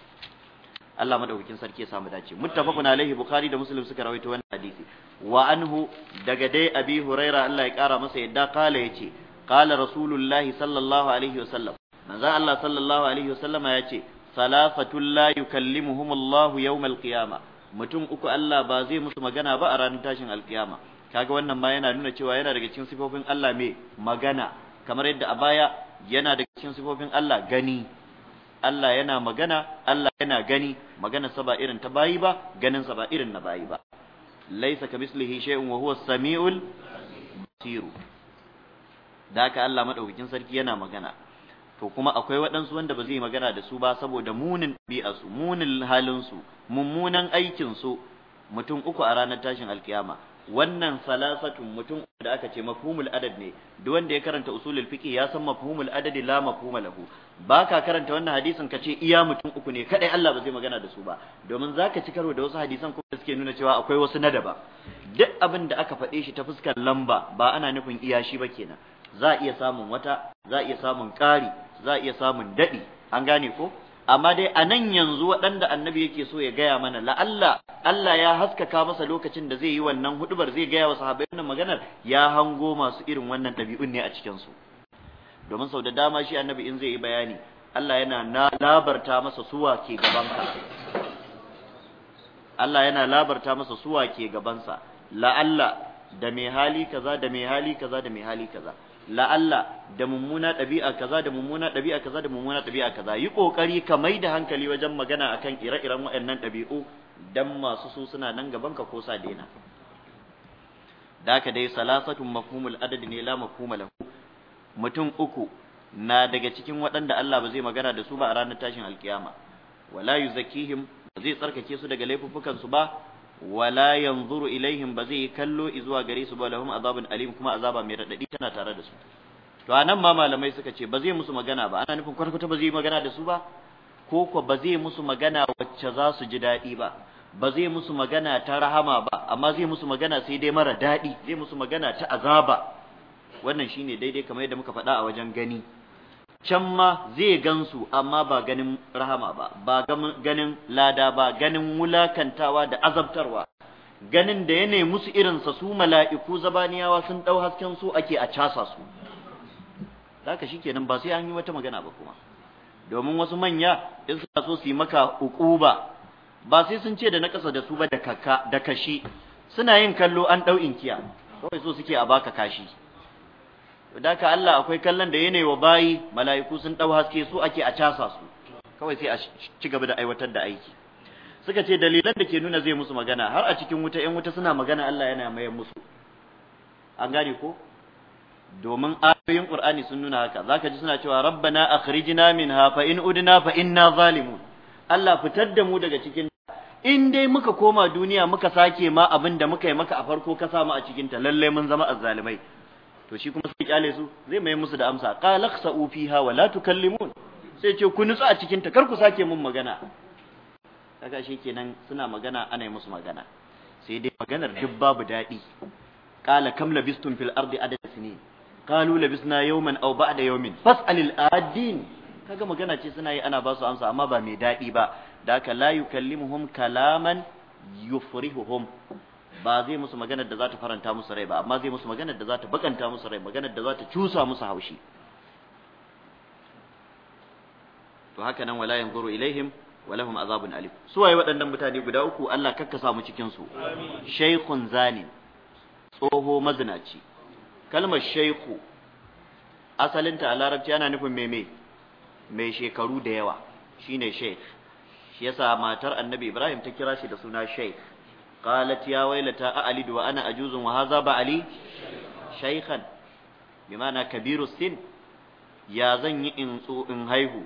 Speaker 1: Allah madaukakin sarki ya samu dace muttafaqun alaihi bukhari da muslim suka rawaito wannan hadisi wa anhu daga dai abi huraira Allah ya kara masa yadda kala yace kala rasulullahi sallallahu alaihi wasallam manzo Allah sallallahu alaihi wasallam ya ce salafatul la yukallimuhum Allah yawm alqiyama mutum uku Allah ba zai musu magana ba a ranar tashin alkiyama kaga wannan ma yana nuna cewa yana daga cikin sifofin Allah mai magana kamar yadda a baya yana daga cikin sifofin Allah gani Allah yana magana Allah yana gani magana sa ba irin ta bayi ba ganin sa ba irin na bayi ba laisa ka mislihi shay'un wa huwa samiul basir da haka Allah madaukakin sarki yana magana to kuma akwai waɗansu wanda ba zai magana da su ba saboda munin ɗabi'arsu munin halinsu mummunan aikinsu mutum uku a ranar tashin alkiyama wannan salasatun mutum da aka ce mafhumul adad ne duk wanda ya karanta usulul fiqh ya san mafhumul adadi la mafhuma lahu baka karanta wannan hadisin ka ce iya mutum uku ne kadai Allah ba zai magana da su ba domin zaka ci karo da wasu hadisan kuma suke nuna cewa akwai wasu na duk abin da aka faɗe shi ta fuskar lamba ba ana nufin iya shi ba kenan za a iya samun wata za a iya samun ƙari za a iya samun daɗi an gane ko amma dai a nan yanzu waɗanda annabi yake so ya gaya mana la'alla Allah ya haskaka masa lokacin da zai yi wannan hudubar zai gaya wa sahabbai wannan maganar ya hango masu irin wannan ɗabi'un ne a cikinsu domin sau da dama shi annabi in zai yi bayani Allah yana labarta masa suwa ke gabanka Allah yana labarta masa suwa ke gabansa la'alla da mai hali kaza da mai hali kaza da mai hali kaza la'alla da mummuna ɗabi'a kaza da mummuna ɗabi'a kaza da mummuna ɗabi'a kaza yi ƙoƙari ka mai da hankali wajen magana akan ire-iren waɗannan ɗabi'u don masu su suna nan gaban ka ko sa dena. da ka dai salasatun mafhumul adadi ne la mafhuma lahu mutum uku na daga cikin waɗanda Allah ba zai magana da su ba a ranar tashin alkiyama wala zakihim ba zai tsarkake su daga laifuffukan su ba wala yanzuru ilaihim ba zai kallo zuwa gare su ba lahum azabun alim kuma azaba mai radadi tana tare da su to anan ma malamai suka ce ba zai musu magana ba ana nufin kwata ta ba zai magana da su ba ko ko ba zai musu magana wacce za su ji daɗi ba ba zai musu magana ta rahama ba amma zai musu magana sai dai mara daɗi zai musu magana ta azaba wannan shine daidai kamar yadda muka faɗa a wajen gani can ma zai gansu amma ba ganin rahama ba ba ganin lada ba ganin wulakantawa da azabtarwa ganin da ya nemi musu irinsa su mala'iku zabaniyawa sun ɗau hasken su ake a casa su haka shikenan ba sai an yi wata magana ba kuma domin wasu manya in suna so su yi maka ukuba ba sai sun ce da na ƙasa da su ba da kashi suna yin kallo an ɗau inkiya kawai so suke a baka kashi da ka Allah akwai kallon da yanayi wa bayi mala'iku sun dau haske su ake a casa su kawai sai a ci gaba da aiwatar da aiki suka ce dalilan da ke nuna zai musu magana har a cikin wuta 'yan wuta suna magana Allah yana mayar musu an gane ko domin ayoyin Qur'ani sun nuna haka zaka ji suna cewa rabbana akhrijna minha fa in udna fa inna zalimun Allah fitar da mu daga cikin in dai muka koma duniya muka sake ma abin da muka yi maka a farko ka samu a cikin ta mun zama azzalimai to shi kuma sai kyale su zai mai musu da amsa qala khsa'u fiha wa la tukallimun sai ce ku nutsu a cikin ta kar ku sake mun magana kaga kenan suna magana ana yi musu magana sai dai maganar duk babu daɗi qala kam labistum fil ardi adad sini qalu labisna yawman aw ba'da yawmin fas'alil adin kaga magana ce suna yi ana ba su amsa amma ba mai daɗi ba da haka la yukallimuhum kalaman yufrihuhum ba zai musu maganar da za ta faranta musu rai ba amma zai musu maganar da za ta bakanta musu rai maganar da za ta cusa musu haushi to haka nan wala yanzuru ilaihim walahum azabun alim su waye waɗannan mutane guda uku Allah kakka samu cikin su shaykhun zani tsoho mazinaci kalmar shaykhu asalinta a larabci yana nufin meme mai shekaru da yawa shine shaykh shi yasa matar annabi Ibrahim ta kira shi da suna shaykh قالت يا ويلتا أألد وأنا أجوز وهذا بعلي شيخا Ya zan yi in زني إن إن هيهو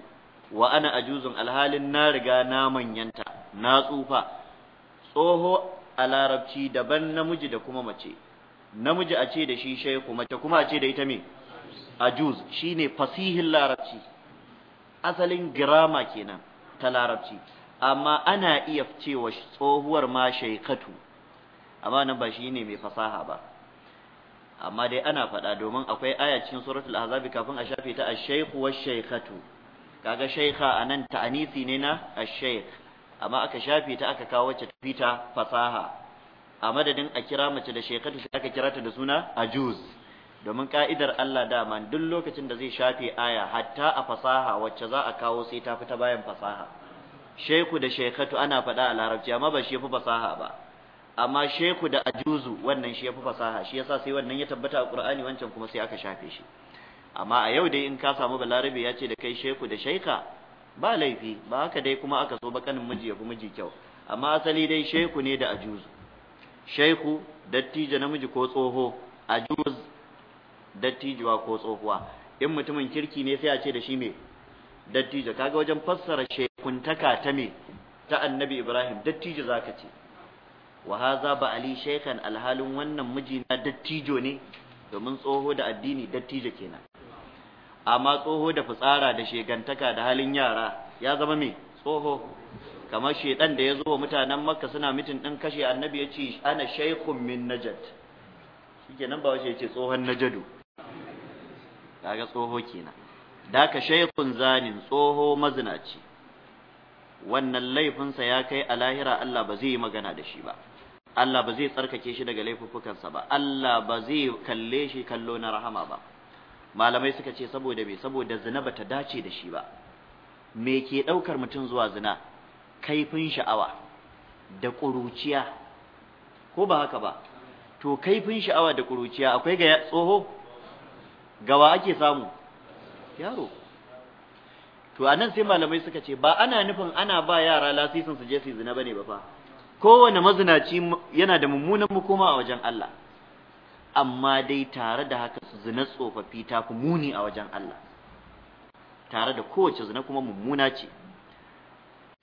Speaker 1: وأنا أجوز الحال النار جانا من ينتا ناسوفا tsoho a larabci daban namiji da kuma mace namiji a da shi shaiku mace kuma a ce da ita me ajuz shine fasihin larabci asalin girama kenan ta larabci amma ana iya cewa tsohuwar ma shaikatu amma nan ba shi ne mai fasaha ba amma dai ana faɗa domin akwai aya cikin suratul ahzabi kafin a shafe ta ash-shaykhu wash-shaykhatu kaga shaykha anan anisi ne na ash-shaykh amma aka shafe ta aka kawo wacce tafita fasaha a madadin a kira mace da shekatu sai aka kira ta da suna ajuz domin ka'idar Allah dama duk lokacin da zai shafe aya hatta a fasaha wacce za a kawo sai ta fita bayan fasaha sheku da shekatu ana faɗa a larabci amma ba shi yafi fasaha ba amma sheku da ajuzu wannan shi yafi fasaha shi yasa sai wannan ya tabbata a Qur'ani wancan kuma sai aka shafe shi amma a yau dai in ka samu balarabe ya ce da kai sheku da shaika ba laifi ba haka dai kuma aka so bakanin miji ya fi miji kyau amma asali dai sheku ne da ajuzu sheku dattijo namiji ko tsoho ajuz dattijuwa ko tsohuwa in mutumin kirki ne sai a ce da shi me dattijo kaga wajen fassara shekuntaka ta me ta annabi ibrahim dattijo zaka ce wa haza ba ali shaykhan alhalin wannan miji na dattijo ne domin tsoho da addini dattijo kenan amma tsoho da fitsara da shegantaka da halin yara ya zama me tsoho kamar shedan da ya zo mutanen makka suna mitin din kashe annabi ya ce ana shaykhun min najad nan ba wace ya ce tsohon najadu kaga tsoho kenan daka shaykhun zanin tsoho mazinaci wannan laifinsa ya kai a lahira Allah ba zai yi magana da shi ba Allah ba zai tsarkake shi daga laifuffukansa ba Allah ba zai kalle shi kallo na rahama ba malamai suka ce saboda me saboda zina ba ta dace da shi ba me ke ɗaukar mutum zuwa zina kaifin sha'awa da ƙuruciya ko ba haka ba to kaifin sha'awa da ƙuruciya akwai ga tsoho gawa ake samu yaro to anan sai malamai suka ce ba ana nufin ana ba yara lasisin su je su zina bane ba fa kowane mazinaci yana da mummunan mukoma a wajen Allah amma dai tare da haka su zina tsofaffi ta ku muni a wajen Allah tare da kowace zina kuma mummuna ce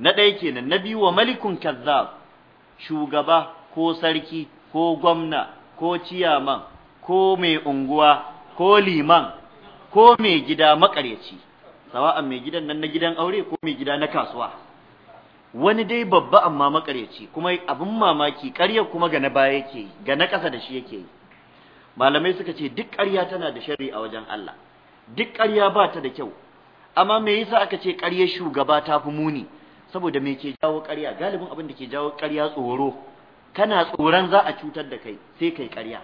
Speaker 1: na ɗaya kenan na biyu wa malikun kazzab shugaba ko sarki ko gwamna ko ciyaman ko mai unguwa ko liman ko mai gida makaryaci sawa'an mai gidan nan na gidan aure ko mai gida na kasuwa wani dai babba amma makaryaci kuma abin mamaki ƙarya kuma ga na baya yake yi ga na ƙasa da shi yake yi malamai suka ce duk ƙarya tana da shari a wajen Allah duk ƙarya ba ta da kyau amma me yasa aka ce ƙaryar shugaba ta fi muni saboda me ke jawo ƙarya galibin abin da ke jawo ƙarya tsoro kana tsoron za a cutar da kai sai kai ƙarya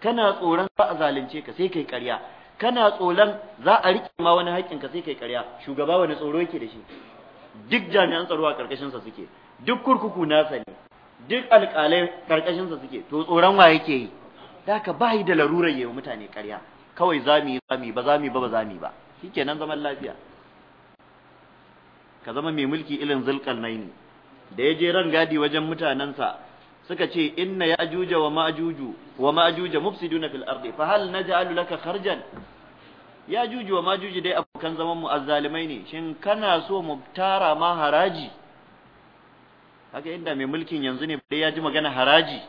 Speaker 1: kana tsoron za a zalunce ka sai kai ƙarya kana tsoron za a rike ma wani haƙƙin ka sai kai ƙarya shugaba wani tsoro yake da shi duk jami'an tsaro a karkashin sa suke duk kurkuku nasa ne duk alƙalai karkashin sa suke to tsoron wa yake yi ba bai da larurar yayin mutane ƙarya kawai zami zami ba zami ba ba zami ba shikenan zaman lafiya ka zama mai mulki irin zulkarnaini da ya je ran gadi wajen mutanensa suka ce inna juja wa ma'ajuju wa ma'juja mufsiduna fil ardi fa hal naj'alu laka kharjan ya'juju wa ma'juju dai abokan zaman mu azzalimai ne shin kana so mu tara ma haraji haka inda mai mulkin yanzu ne dai ya ji magana haraji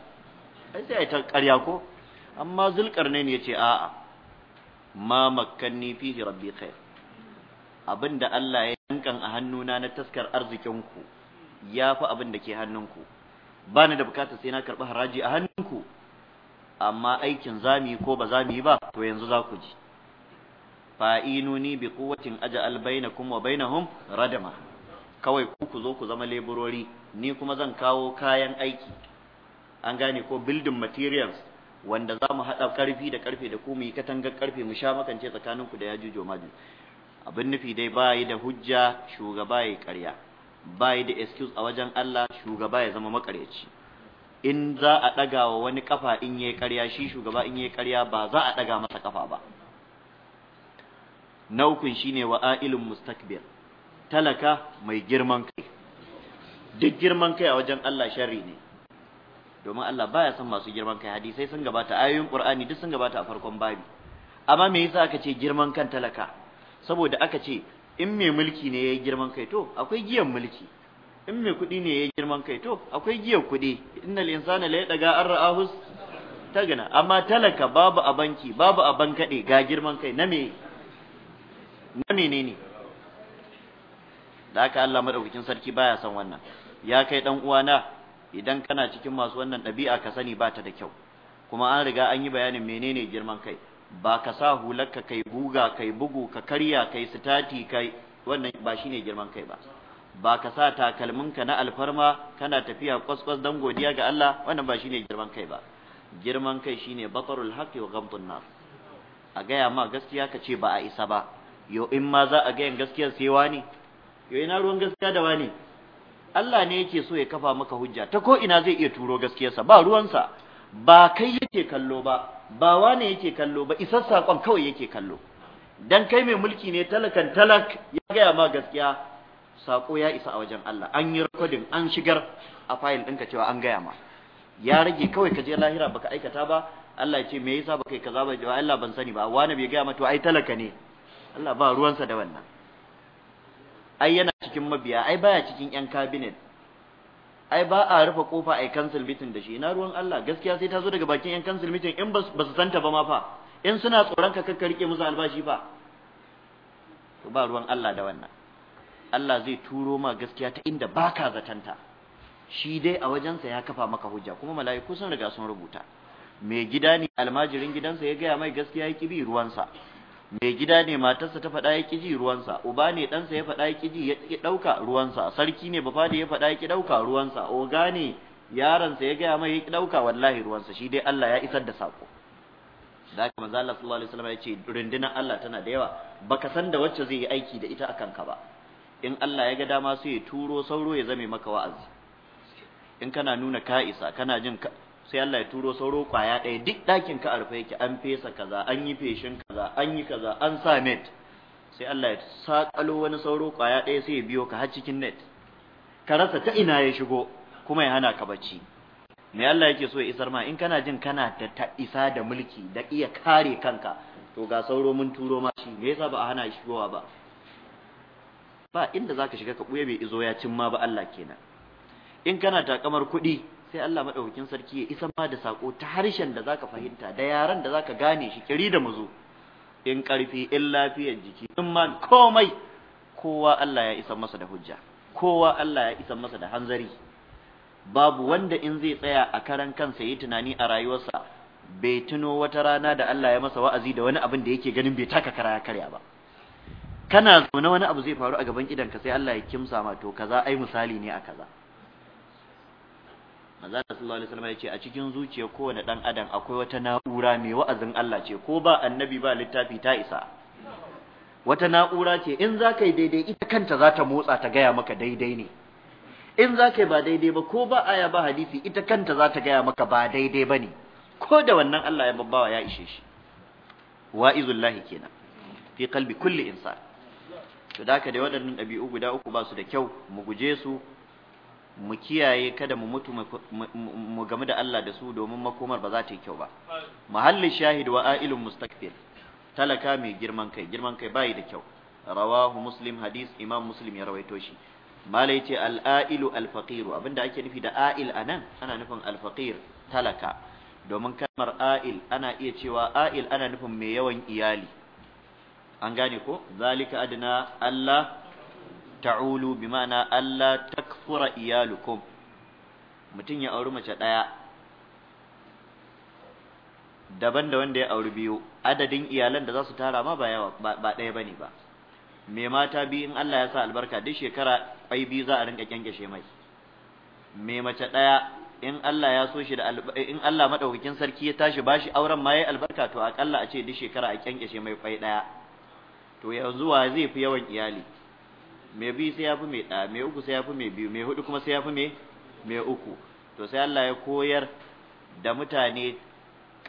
Speaker 1: ai sai ta ƙarya ko amma zulkarnain yace a'a ma makkanni fihi rabbi khair abinda Allah ya yankan a hannuna na taskar arzikinku ya fi abin da ke hannunku ba ni da bukatar sai na karɓi haraji a hannunku amma aikin za mu yi ko ba za mu yi ba to yanzu za ku ji fa'inuni bi quwwatin aj'al bainakum wa bainahum radama kawai ku ku zo ku zama leburori ni kuma zan kawo kayan aiki an gane ko building materials wanda za mu haɗa ƙarfi da ƙarfe da ku mu yi katangar ƙarfe mu sha makance tsakaninku da yajujo maji. abin nufi dai ba yi da hujja shugaba ya ƙarya bai da excuse a wajen Allah shugaba ya zama makaryaci in za a ɗaga wa wani kafa in yayi ƙarya shi shugaba in yayi ƙarya ba za a ɗaga masa kafa ba naukun shine wa ailun mustakbir talaka mai girman kai duk girman kai a wajen Allah sharri ne domin Allah baya son masu girman kai hadisai sun gabata ayoyin Qur'ani duk sun gabata a farkon babi amma me yasa aka ce girman kan talaka saboda aka ce in mai mulki ne yi girman kai to akwai giyan mulki in mai kuɗi ne yayi girman kai to akwai giyan kuɗi innal insana la yadaga arra'ahu tagana amma talaka babu a banki babu a bankaɗe ga girman kai na me na menene da ka Allah madaukakin sarki baya san wannan ya kai dan uwana idan kana cikin masu wannan ɗabi'a ka sani ba ta da kyau kuma an riga an yi bayanin menene girman kai ba ka sa hularka kai guga kai bugu ka karya kai sitati kai wannan ba shi ne girman kai ba ba ka sa takalminka na alfarma kana tafiya kwaskwas don godiya ga Allah wannan ba shi ne girman kai ba girman kai shi shine batarul haqqi wa ghamtun Nar. a gaya ma gaskiya ka ce ba a isa ba yo in ma za a gayan gaskiyar sai wani yo ina ruwan gaskiya da wani Allah ne yake so ya kafa maka hujja ta ko ina zai iya turo gaskiyarsa ba ruwansa ba kai yake kallo ba ba wane yake kallo ba isar saƙon kawai yake kallo dan kai mai mulki ne talakan talak ya gaya ma gaskiya saƙo ya isa a wajen Allah an yi rikodin an shigar a fayil ɗinka cewa an gaya ma ya rage kawai ka je lahira baka aikata ba Allah ya ce me yasa baka yi kaza ba jawa Allah ban sani ba wani bai gaya ma to ai talaka ne Allah ba ruwansa da wannan ai yana cikin mabiya ai baya cikin yan cabinet ai ba a rufe kofa ai cancel meeting da shi ina ruwan Allah gaskiya sai ta zo daga bakin yan cancel meeting in ba su santa ba ma fa in suna tsoron ka kakka rike musu albashi fa to ba ruwan Allah da wannan Allah zai turo ma gaskiya ta inda baka zatanta shi dai a wajensa ya kafa maka hujja kuma mala'iku sun riga sun rubuta mai gida ne almajirin gidansa ya gaya mai gaskiya ya kibi ruwansa mai gida ne matarsa ta faɗa ya ji ruwansa uba ne ɗansa ya faɗa ya ji ya ƙi ɗauka ruwansa sarki ne bafa da ya faɗa ya ƙi ɗauka ruwansa oga ne yaransa ya gaya mai ya ƙi ɗauka wallahi ruwansa shi dai Allah ya isar da saƙo da haka manzo Allah sallallahu alaihi wasallam ya ce rundunar Allah tana da yawa baka san da wacce zai yi aiki da ita akan ka ba in Allah ya ga dama sai ya turo sauro ya zame maka wa'azi in kana nuna ka'isa kana jin sai Allah ya turo sauro kwaya ɗaya duk ɗakin ka a rufe yake an fesa kaza an yi feshin kaza an yi kaza an sa net sai Allah ya saƙalo wani sauro kwaya ɗaya sai ya biyo ka har cikin net ka rasa ta ina ya shigo kuma ya hana ka bacci me Allah yake so ya isar ma in kana jin kana da ta isa da mulki da iya kare kanka to ga sauro mun turo ma shi me yasa ba a hana shi shigowa ba ba inda zaka shiga ka buye bai izo ya cin ma ba Allah kenan in kana takamar kuɗi sai Allah madaukakin sarki ya isa ma da sako ta harshen da zaka fahimta da yaran da zaka gane shi kiri da muzo in karfi in lafiyar jiki in man komai kowa Allah ya isa masa da hujja kowa Allah ya isa masa da hanzari babu wanda in zai tsaya a karan kansa yi tunani a rayuwarsa bai tuno wata rana da Allah ya masa wa'azi da wani abin da yake ganin bai taka kara ya karya ba kana zaune wani abu zai faru a gaban idanka sai Allah ya kimsa ma to kaza ai misali ne a kaza manzo sallallahu alaihi wasallam yace a cikin zuciya kowane dan adam akwai wata na'ura mai wa'azin Allah ce ko ba annabi ba littafi ta isa wata na'ura ce in za ka yi daidai ita kanta za ta motsa ta gaya maka daidai ne in za ka yi ba daidai ba ko ba aya ba hadisi ita kanta za ta gaya maka ba daidai ba ne ko da wannan Allah ya babbawa ya ishe shi wa'izullahi kenan fi qalbi kulli insan to da haka dai waɗannan ɗabi'u guda uku ba su da kyau mu guje su mu kiyaye kada mu mutu mu gamu da Allah da su domin makomar ba za ta yi kyau ba mahallin shahid wa ailun mustakbir talaka mai girman kai girman kai bai da kyau rawahu muslim hadis imam muslim ya rawaito shi mala yace alailu ailu al faqir abinda ake nufi da ail anan ana nufin al faqir talaka domin kalmar ail ana iya cewa ail ana nufin mai yawan iyali an gane ko zalika adna Allah ta'ulu bi ma'ana Allah takfura iyalukum mutum ya auri mace ɗaya daban da wanda ya auri biyu adadin iyalan da za su tara ma ba yawa ba ɗaya bane ba me mata biyu in Allah ya sa albarka duk shekara kwai biyu za a rinka kyankyashe mai me mace ɗaya in Allah ya so shi da eh, in Allah madaukakin sarki ya tashi bashi auren ma yayi albarka to akalla a ce duk shekara a kyankyashe mai kwai ɗaya to yanzu wa zai fi yawan iyali mai biyu sai ya fi mai ɗaya mai uku sai ya fi mai biyu mai hudu kuma sai ya fi mai uku to sai Allah ya koyar da mutane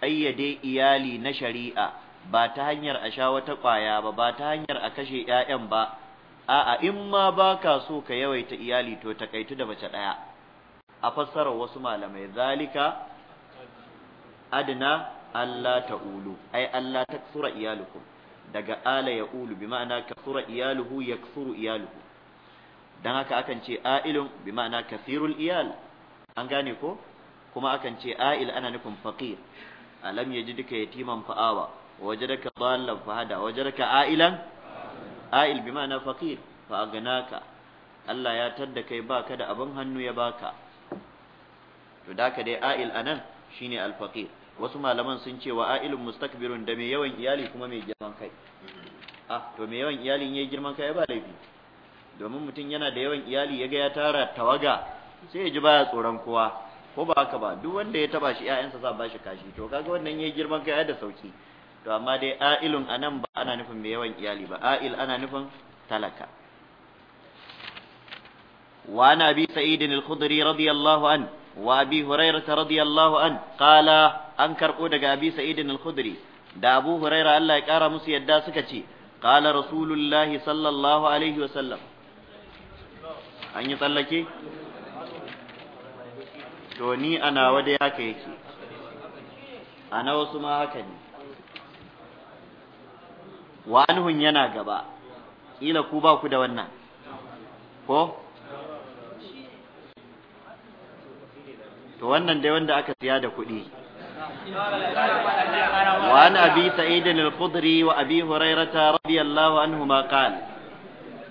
Speaker 1: ƙayyade iyali na shari'a ba ta hanyar a sha wata ƙwaya ba ba ta hanyar a kashe 'ya'yan ba a'a in ma ba ka so ka yawaita iyali to takaitu da mace ɗaya a fassarar wasu malamai zalika adna Allah ta'ulu ai Allah taksura iyalukum daga ala ya ulu, bi ma'ana kathura iyaluhu yakthuru iyaluhu dan haka akan ce ailun bi ma'ana kathirul iyal an gane ko kuma akan ce ail ana nufin faqir alam yajidka yatiman fa'awa wajadaka dhallan fahada wajadaka ailan ail bi ma'ana faqir fa aganaka Allah ya tadda kai baka da abin hannu ya baka to da ka dai ail anan shine al faqir wasu malaman sun ce wa ailun mustakbirun da mai yawan iyali kuma mai girman kai
Speaker 2: mm-hmm.
Speaker 1: ah to mai yawan iyalin ya girman kai ba laifi domin mutum yana da yawan iyali yaga ya tara tawaga sai ya ji baya tsoron kowa ko ba haka ba duk wanda ya taba shi ƴaƴansa za ba shi kashi to kaga wannan yayi girman kai da sauki to amma dai ailun anan ba ana nufin mai yawan iyali ba ail ana nufin talaka وعن أبي سعيد الخضري رضي الله عنه wa abi hurairah radiyallahu an qala an karbo daga abi sa'id al-khudri da abu hurairah Allah ya kara musu yadda suka ce qala rasulullahi sallallahu alaihi wa sallam an yi tsallake
Speaker 2: to ni ana wada haka yake
Speaker 1: ana wasu ma haka ne wa anhun yana gaba ila ku ba ku da wannan ko to wannan dai wanda aka siya da kuɗi
Speaker 2: wa an abi sa'id
Speaker 1: al-khudri wa abi hurairata radiyallahu anhuma qala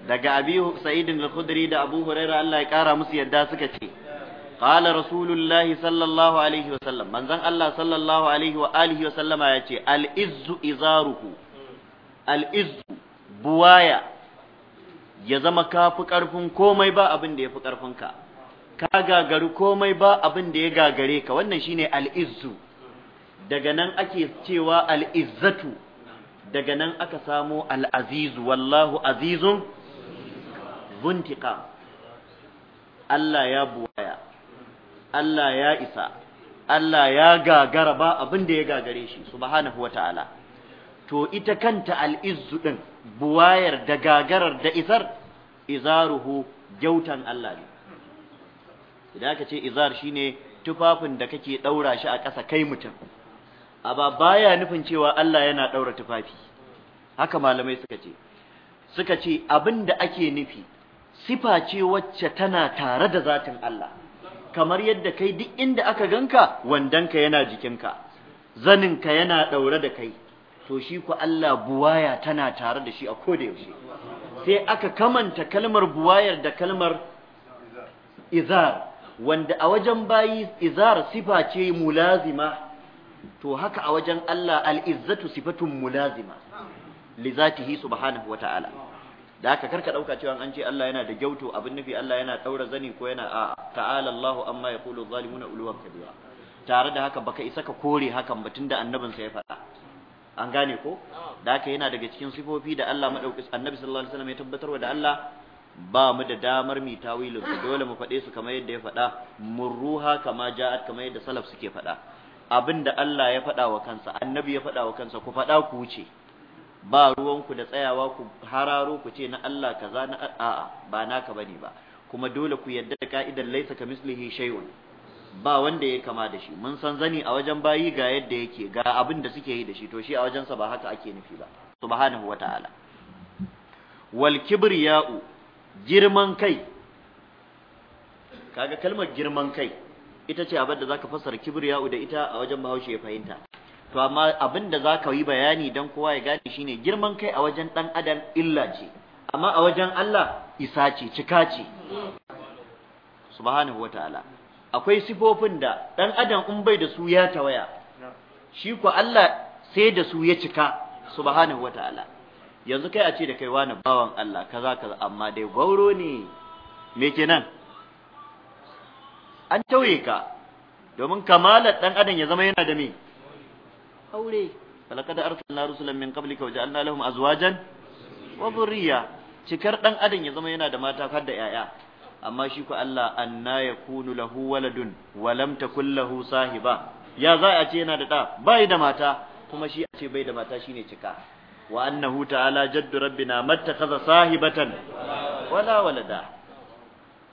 Speaker 1: daga abi sa'id al-khudri da abu hurairah Allah ya kara musu yadda suka ce qala rasulullahi sallallahu alaihi wa sallam manzon Allah sallallahu alaihi wa alihi wa sallama yace al-izzu izaruhu al-izzu buwaya ya zama kafi karfin komai ba abin da yafi karfin ka ka gagaru komai ba abin da ya gagare ka wannan shine al-izzu daga nan ake cewa al'izzatu daga nan aka samo al'azizu wallahu azizun buntika Allah ya buwaya Allah ya isa Allah ya gagara ba abin da ya gagare shi subhanahu wata'ala to ita kanta al'izzu din buwayar da gagarar da isar izaruhu jautan Allah ne idan aka ce izar shine tufafin da kake daura shi a ƙasa kai mutum amma baya nufin cewa Allah yana daura tufafi haka malamai suka ce suka ce abinda ake nufi sifa ce wacce tana tare da zatin Allah kamar yadda kai duk inda aka ganka wandanka yana jikin jikinka zaninka yana daure da kai to shi ku Allah buwaya tana tare da shi a koda yaushe sai aka kamanta kalmar buwayar da kalmar izar wanda a wajen bayi izar sifa ce mulazima to haka a wajen Allah al izzatu sifatun mulazima li zatihi subhanahu wata'ala da haka karka dauka cewa an ce Allah yana da gyauto abin nufi Allah yana daura zani ko yana a ta'ala Allah amma yaqulu zalimuna uluwan kabira tare da haka baka isa ka kore hakan batun da annabinsa ya faɗa an gane ko da haka yana daga cikin sifofi da Allah madaukis annabi sallallahu alaihi wasallam ya tabbatarwa da Allah ba mu da damar mi tawilin su dole mu faɗe su kamar yadda ya faɗa ruha kama ja'at kamar yadda salaf suke faɗa abinda Allah ya faɗa wa kansa annabi ya faɗa wa kansa ku faɗa ku wuce ba ruwan ku da tsayawa ku hararo ku ce na Allah kaza na a'a ba naka bane ba kuma dole ku yadda da ka'idar laisa ka mislihi shay'un ba wanda ya kama da shi mun san zani a wajen bayi ga yadda yake ga abin da suke yi da shi to shi a wajensa ba haka ake nufi ba subhanahu wata'ala wal kibriya'u girman kai kaga kalmar girman kai ita ce abin da zaka fassara kibriya da ita a wajen Bahaushe ya fahimta to amma abin da zaka yi bayani dan kowa ya gane shine girman kai a wajen dan adam illa ce amma a wajen Allah isa ce cika ce subhanahu wataala akwai sifofin da dan adam in bai da su ya tawaya shi ko Allah sai da su ya cika subhanahu wataala yanzu kai a ce da kai wani bawan Allah kaza kaza amma dai gauro ne me kenan an tauye ka domin kamalar dan adam ya zama yana da me aure falakad arsalna rusulan min qablika wa ja'alna lahum azwajan wa dhurriya cikar dan adam ya zama yana da mata har da yaya amma shi ko Allah anna yakunu lahu waladun wa lam lahu sahiba ya za a ce yana da da bai da mata kuma shi a ce bai da mata ne cika wa annahu ta'ala jaddu rabbina mattakhadha sahibatan wala walada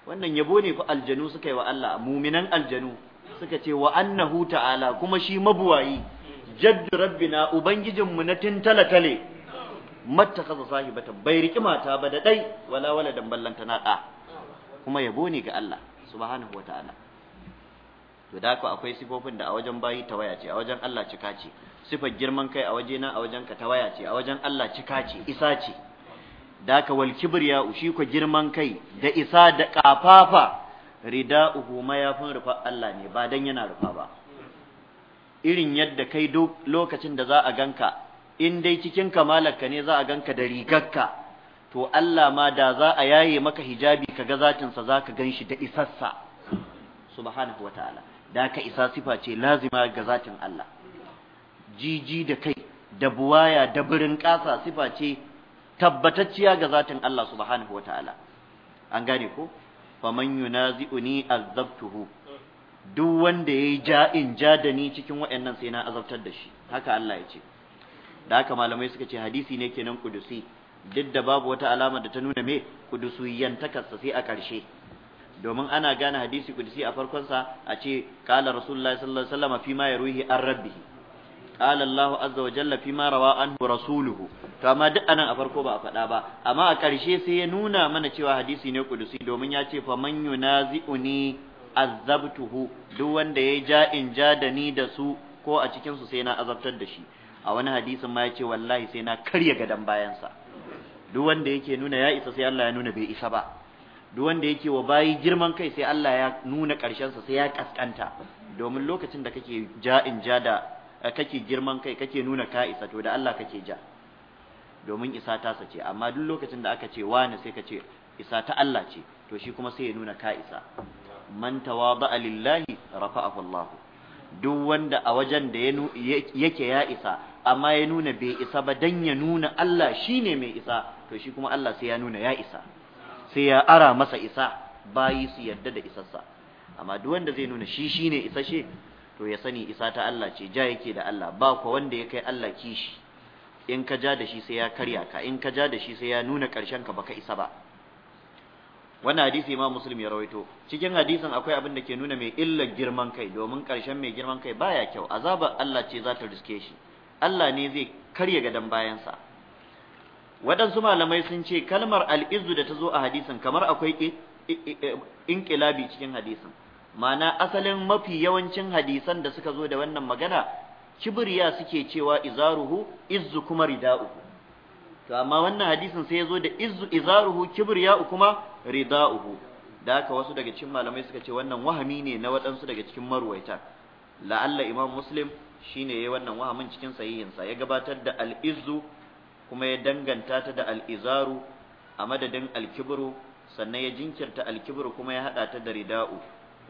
Speaker 1: wannan yabo ne ku aljanu suka yi wa Allah muminan aljanu suka ce wa annahu ta'ala kuma shi mabuwayi jaddu rabbina ubangijinmu na tintalatale mattakhadha sahibatan bai riki mata ba da dai wala waladan ballantana da kuma yabo ne ga Allah subhanahu wataala to da akwai sifofin da a wajen bayi tawaya ce a wajen Allah cika ce sifar girman kai a wajena a wajenka ta waya ce a wajen Allah cika ce isa ce da ka wal kibriya shi ko girman kai da isa da kafafa rida'uhu mayafin rufa Allah ne ba dan yana rufa ba irin yadda kai duk lokacin da za a ganka in dai cikin kamalarka ne za a ganka da rigarka to Allah ma da za a yaye maka hijabi kaga zatinsa za ka ganshi da isassa subhanahu wataala da ka isa sifa ce lazima ga zatin Allah jiji da kai da buwaya da birin ƙasa sifa ce tabbatacciya ga zatin Allah subhanahu wa ta'ala an gane ko faman yunazi'uni azabtuhu duk wanda yayi ja'in ni cikin waɗannan sai na azabtar da shi haka Allah ya ce da haka malamai suka ce hadisi ne kenan kudusi duk da babu wata alama da ta nuna me kudusiyan takarsa sai a ƙarshe domin ana gane hadisi kudusi a farkon sa a ce qala rasulullahi sallallahu alaihi wasallam fi ma yaruhi ar rabbihi قال الله azza wa فيما fi ma rawa rasuluhu to duk anan a farko ba a faɗa ba amma a ƙarshe sai ya nuna mana cewa hadisi ne kudusi domin ya ce fa man yunazi'uni azabtuhu duk wanda ya ja in ja da ni da su ko a cikin su sai na azabtar da shi a wani hadisin ma ya ce wallahi sai na karya gadan bayansa duk wanda yake nuna ya isa sai Allah ya nuna bai isa ba duk wanda yake wa bayi girman kai sai Allah ya nuna sa sai ya kaskanta domin lokacin da kake ja in da kake girman kai kake nuna ka isa to da Allah kake ja domin isa ta sace amma duk lokacin da aka ce wani sai kace ce isa ta Allah ce to shi kuma sai ya nuna ka isa man tawada'a lillahi rafa'ahu Allah duk wanda a wajen da yake ya isa amma ya nuna bai isa ba dan ya nuna Allah shine mai isa to shi kuma Allah sai ya nuna ya isa sai ya ara masa isa bayi su yarda da isarsa amma duk wanda zai nuna shi shine isashe to ya sani isa ta Allah ce ja yake da Allah ba kwa wanda ya kai Allah kishi in ka ja da shi sai ya karya ka in ka ja da shi sai ya nuna karshen ka ba ka isa ba wannan hadisi ma Muslim ya rawaito cikin hadisin akwai abin da ke nuna mai illar girman kai domin karshen mai girman kai baya kyau azabar Allah ce za ta riske shi Allah ne zai karya ga dan bayansa waɗansu malamai sun ce kalmar al'izu da ta zo a hadisin kamar akwai inkilabi cikin hadisin ma'ana asalin mafi yawancin hadisan da suka zo da wannan magana kibriya suke cewa izaruhu izzu kuma rida'uhu to amma wannan hadisin sai ya zo da izzu izaruhu kibriya kuma rida'uhu da haka wasu daga cikin malamai suka ce wannan wahami ne na waɗansu daga cikin marwaita la'alla imam muslim shine yayi wannan wahamin cikin sa ya gabatar da al-izzu kuma ya danganta ta da al-izaru a madadin al-kibru sannan ya jinkirta al-kibru kuma ya hada ta da rida'u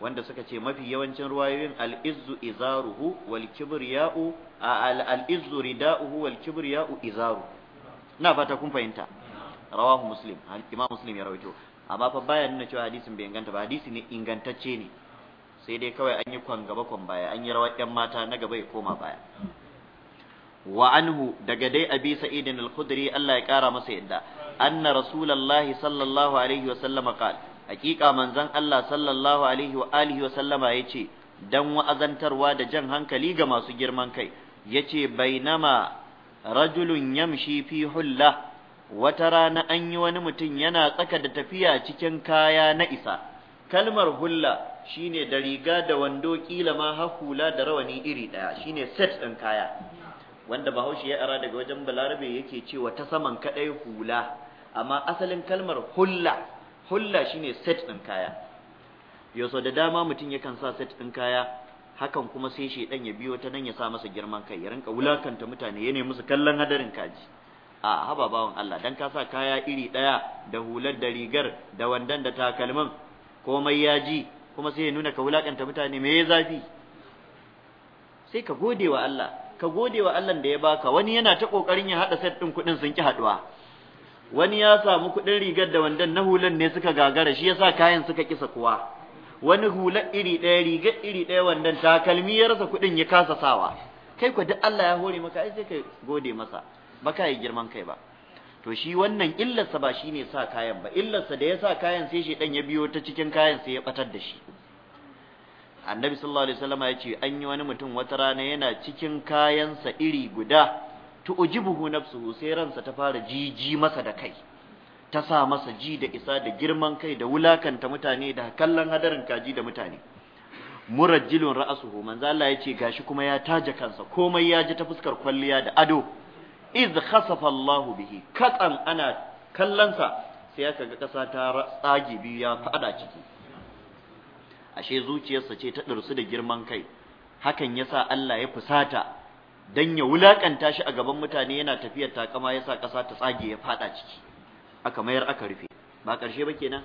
Speaker 1: wanda suka ce mafi yawancin ruwayoyin al-izzu izaruhu wal kibriya'u al-izzu rida'uhu wal kibriya'u izaru na fata kun fahimta rawahu muslim imam muslim ya rawaito amma fa bayan nuna cewa hadisin bai inganta ba hadisi ne ingantacce ne sai dai kawai an yi kwan gaba kwan baya an yi rawar yan mata na gaba ya koma baya wa anhu daga dai abi sa'idin al-khudri Allah ya kara masa yadda anna rasulullahi sallallahu alaihi wa sallama qala hakika manzon Allah sallallahu alaihi wa alihi wa sallama yace dan wa'azantarwa da jan hankali ga masu girman kai yace bainama rajulun yamshi fi hulla wata rana an yi wani mutum yana tsaka da tafiya cikin kaya na isa kalmar hulla shine da riga da wando kila ma har hula da rawani iri daya shine set din kaya wanda bahaushe ya ara daga wajen balarabe yake cewa ta saman kadai hula amma asalin kalmar hulla hulla shine set ɗin kaya yau da dama mutum yakan sa set ɗin kaya hakan kuma sai shedan ya biyo ta nan ya sa masa girman kai ya rinka wulakanta mutane ya nemi musu kallon hadarin kaji a haba bawan Allah dan ka sa kaya iri ɗaya da hular da rigar da wandan da takalmin komai ya ji kuma sai ya nuna ka wulakanta mutane mai zafi sai ka gode wa Allah ka gode wa Allah da ya baka wani yana ta kokarin ya haɗa set ɗin kuɗin sun ki haɗuwa. wani ya samu kuɗin rigar da wandan na hulan ne suka gagara shi yasa kayan suka kisa kuwa wani hular iri ɗaya rigar iri ɗaya wandan takalmi ya rasa kuɗin ya kasa sawa kai ku duk Allah ya hore maka ai sai ka gode masa ba yi girman kai ba to shi wannan illarsa ba shine sa kayan ba illarsa da yasa kayan sai dan ya biyo ta cikin kayan sai ya batar da shi annabi sallallahu alaihi wasallam ya ce an yi wani mutum wata rana yana cikin kayansa iri guda tu'jibuhu nafsuhu sai ransa ta fara jiji masa da kai ta sa masa ji da isa da girman kai da wulakanta mutane da kallon hadarin kaji da mutane murajjilun ra'suhu manzo Allah yace gashi kuma ya taje kansa komai ya ji ta fuskar kwalliya da ado iz khasafa Allahu bihi katsan ana kallansa sai aka ga kasa ta tsage biyu ya fada ciki ashe zuciyarsa ce ta dirsu da girman kai hakan yasa Allah ya fusata dan ya wulakanta shi a gaban mutane yana tafiyar takama yasa ƙasa ta tsage ya fada ciki aka mayar aka rufe ba ƙarshe ba kenan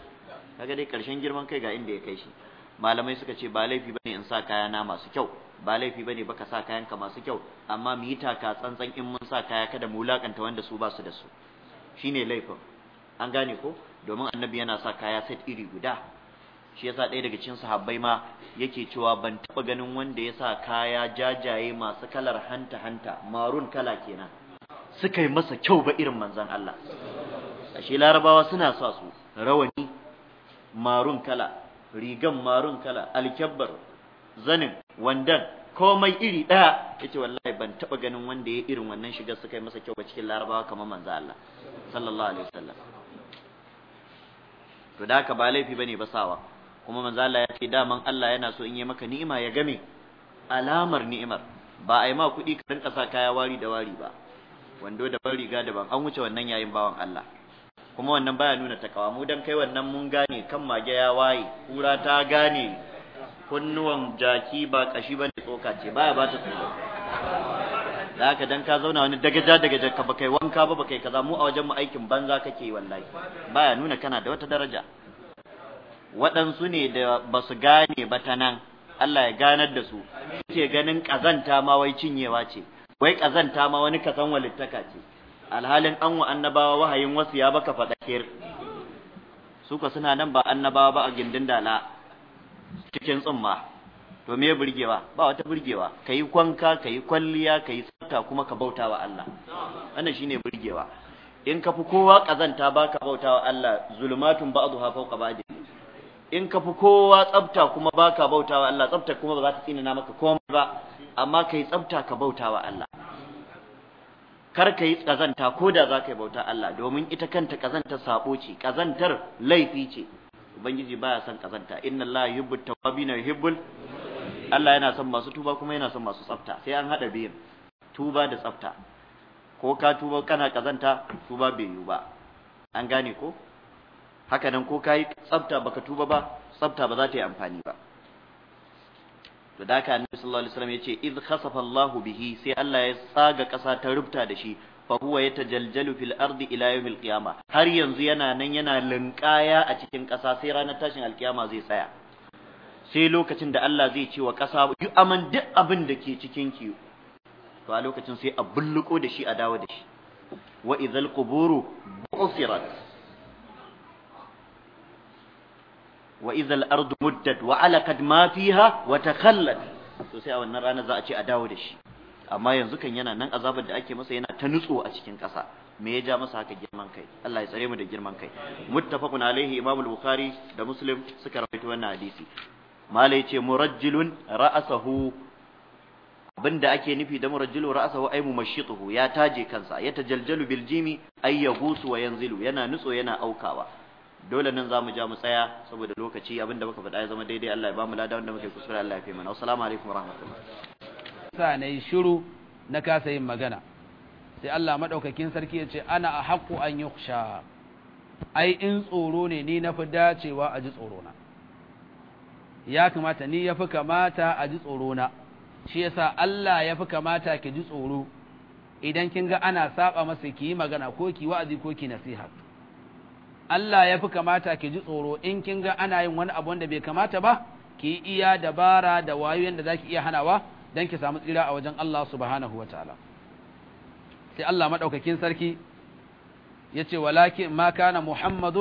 Speaker 1: kaga dai ƙarshen girman kai ga inda ya kai shi malamai suka ce ba laifi bane in sa kaya na masu kyau ba laifi bane baka sa kayan ka masu kyau amma mu yi taka tsantsan in mun sa kaya kada mu wulakanta wanda su ba su da su shine laifin an gane ko domin annabi yana sa kaya set iri guda shi yasa ɗaya daga cikin sahabbai ma yake cewa ban taɓa ganin wanda ya sa kaya jajaye masu kalar hanta hanta marun kala kenan suka yi masa kyau ba irin manzon Allah ashe larabawa suna sa su rawani marun kala rigan marun kala alkyabbar zanin wandan komai iri ɗaya yace wallahi ban taɓa ganin wanda ya irin wannan shigar suka yi masa kyau ba cikin larabawa kamar manzon Allah sallallahu alaihi wasallam to da ka ba laifi bane ba sawa kuma manzo Allah ya ce daman Allah yana so in yi maka ni'ima ya game alamar ni'imar ba a yi ma kuɗi ka rinka sa kaya wari da wari ba wando da bari, ga da an wuce wannan yayin bawan Allah kuma wannan baya nuna takawa mu dan kai wannan mun gane kan mage ya waye kura ta gane kunnuwan jaki ba kashi bane tsoka ce baya ba ta tsoka zaka dan ka zauna wani dagaja dagaja ka ba kai wanka ba ba kai kaza mu a wajen mu aikin banza kake wallahi baya nuna kana da wata daraja waɗansu ne da ba su gane ba ta nan Allah ya ganar da su ce ganin ƙazanta ma wai cinyewa ce wai ƙazanta ma wani kasan walittaka ce alhalin an wa annabawa wahayin wasu ya baka fadakir su ka suna nan ba annabawa ba a gindin dala cikin tsumma to me burgewa ba wata burgewa yi kwanka ka yi kwalliya ka yi tsafta kuma ka bauta wa Allah wannan shine burgewa in ka fi kowa ƙazanta ba ka bauta wa Allah zulumatun zulmatun ba'dha fawqa ba'd in ka fi kowa tsafta kuma ba ka bauta wa Allah tsafta kuma ba za ta tsinana maka komai ba amma ka yi tsafta ka bauta wa Allah kar ka yi kazanta ko da za ka yi bauta Allah domin ita kanta kazanta sabo ce kazantar laifi ce ubangiji baya son kazanta inna Allah yuhibbu tawabina yuhibbul Allah yana son masu tuba kuma yana son masu tsafta sai an hada biyan tuba da tsafta ko ka tuba kana kazanta tuba bai yiwu ba an gane ko haka nan ko kayi tsafta baka tuba ba tsafta ba za ta yi amfani ba to da haka annabi sallallahu alaihi wasallam yace khasafa Allahu bihi sai Allah ya tsaga ƙasa ta rubta da shi fa huwa yatajaljalu fil ardi ila yawmil qiyamah har yanzu yana nan yana linkaya a cikin ƙasa sai ranar tashin alkiyama zai tsaya sai lokacin da Allah zai ce wa ƙasa yi aman duk abin da ke cikin ki to a lokacin sai a bulluko da shi a dawo da shi wa idhal quburu bu'sirat wa izal ardu muddat wa alakat ma fiha wa to sai a wannan rana za a ce a dawo da shi amma yanzu kan yana nan azabar da ake masa yana ta nutso a cikin ƙasa me ya ja masa haka girman kai Allah ya tsare mu da girman kai muttafaqun alaihi imam al-bukhari da muslim suka rawaito wannan hadisi mala ce murajjilun ra'asahu abinda ake nufi da murajjilu ra'asahu ay mumashshituhu ya taje kansa ya tajaljalu Biljimi jimi ay yagusu wa yanzilu yana nutso yana aukawa dole nan zamu ja mu tsaya saboda lokaci abinda muka faɗa ya zama daidai Allah ya bamu lada wanda muke kusura Allah ya fi mana assalamu alaikum warahmatullahi sa nayi shiru na kasa yin magana sai Allah madaukakin sarki ya ce ana a haqqu an yukhsha ai in tsoro ne ni nafi dacewa a ji tsoro na ya kamata ni yafi kamata a ji tsoro na shi yasa Allah yafi kamata ki ji tsoro idan kin ga ana saba masa ki yi magana ko ki wa'azi ko ki nasiha Allah ya fi kamata ki ji tsoro in kin ga ana yin wani abu da bai kamata ba ki iya dabara da wayo yanda zaki iya hanawa dan ki samu tsira a wajen Allah subhanahu wataala sai Allah madaukakin sarki yace walakin ma kana muhammadun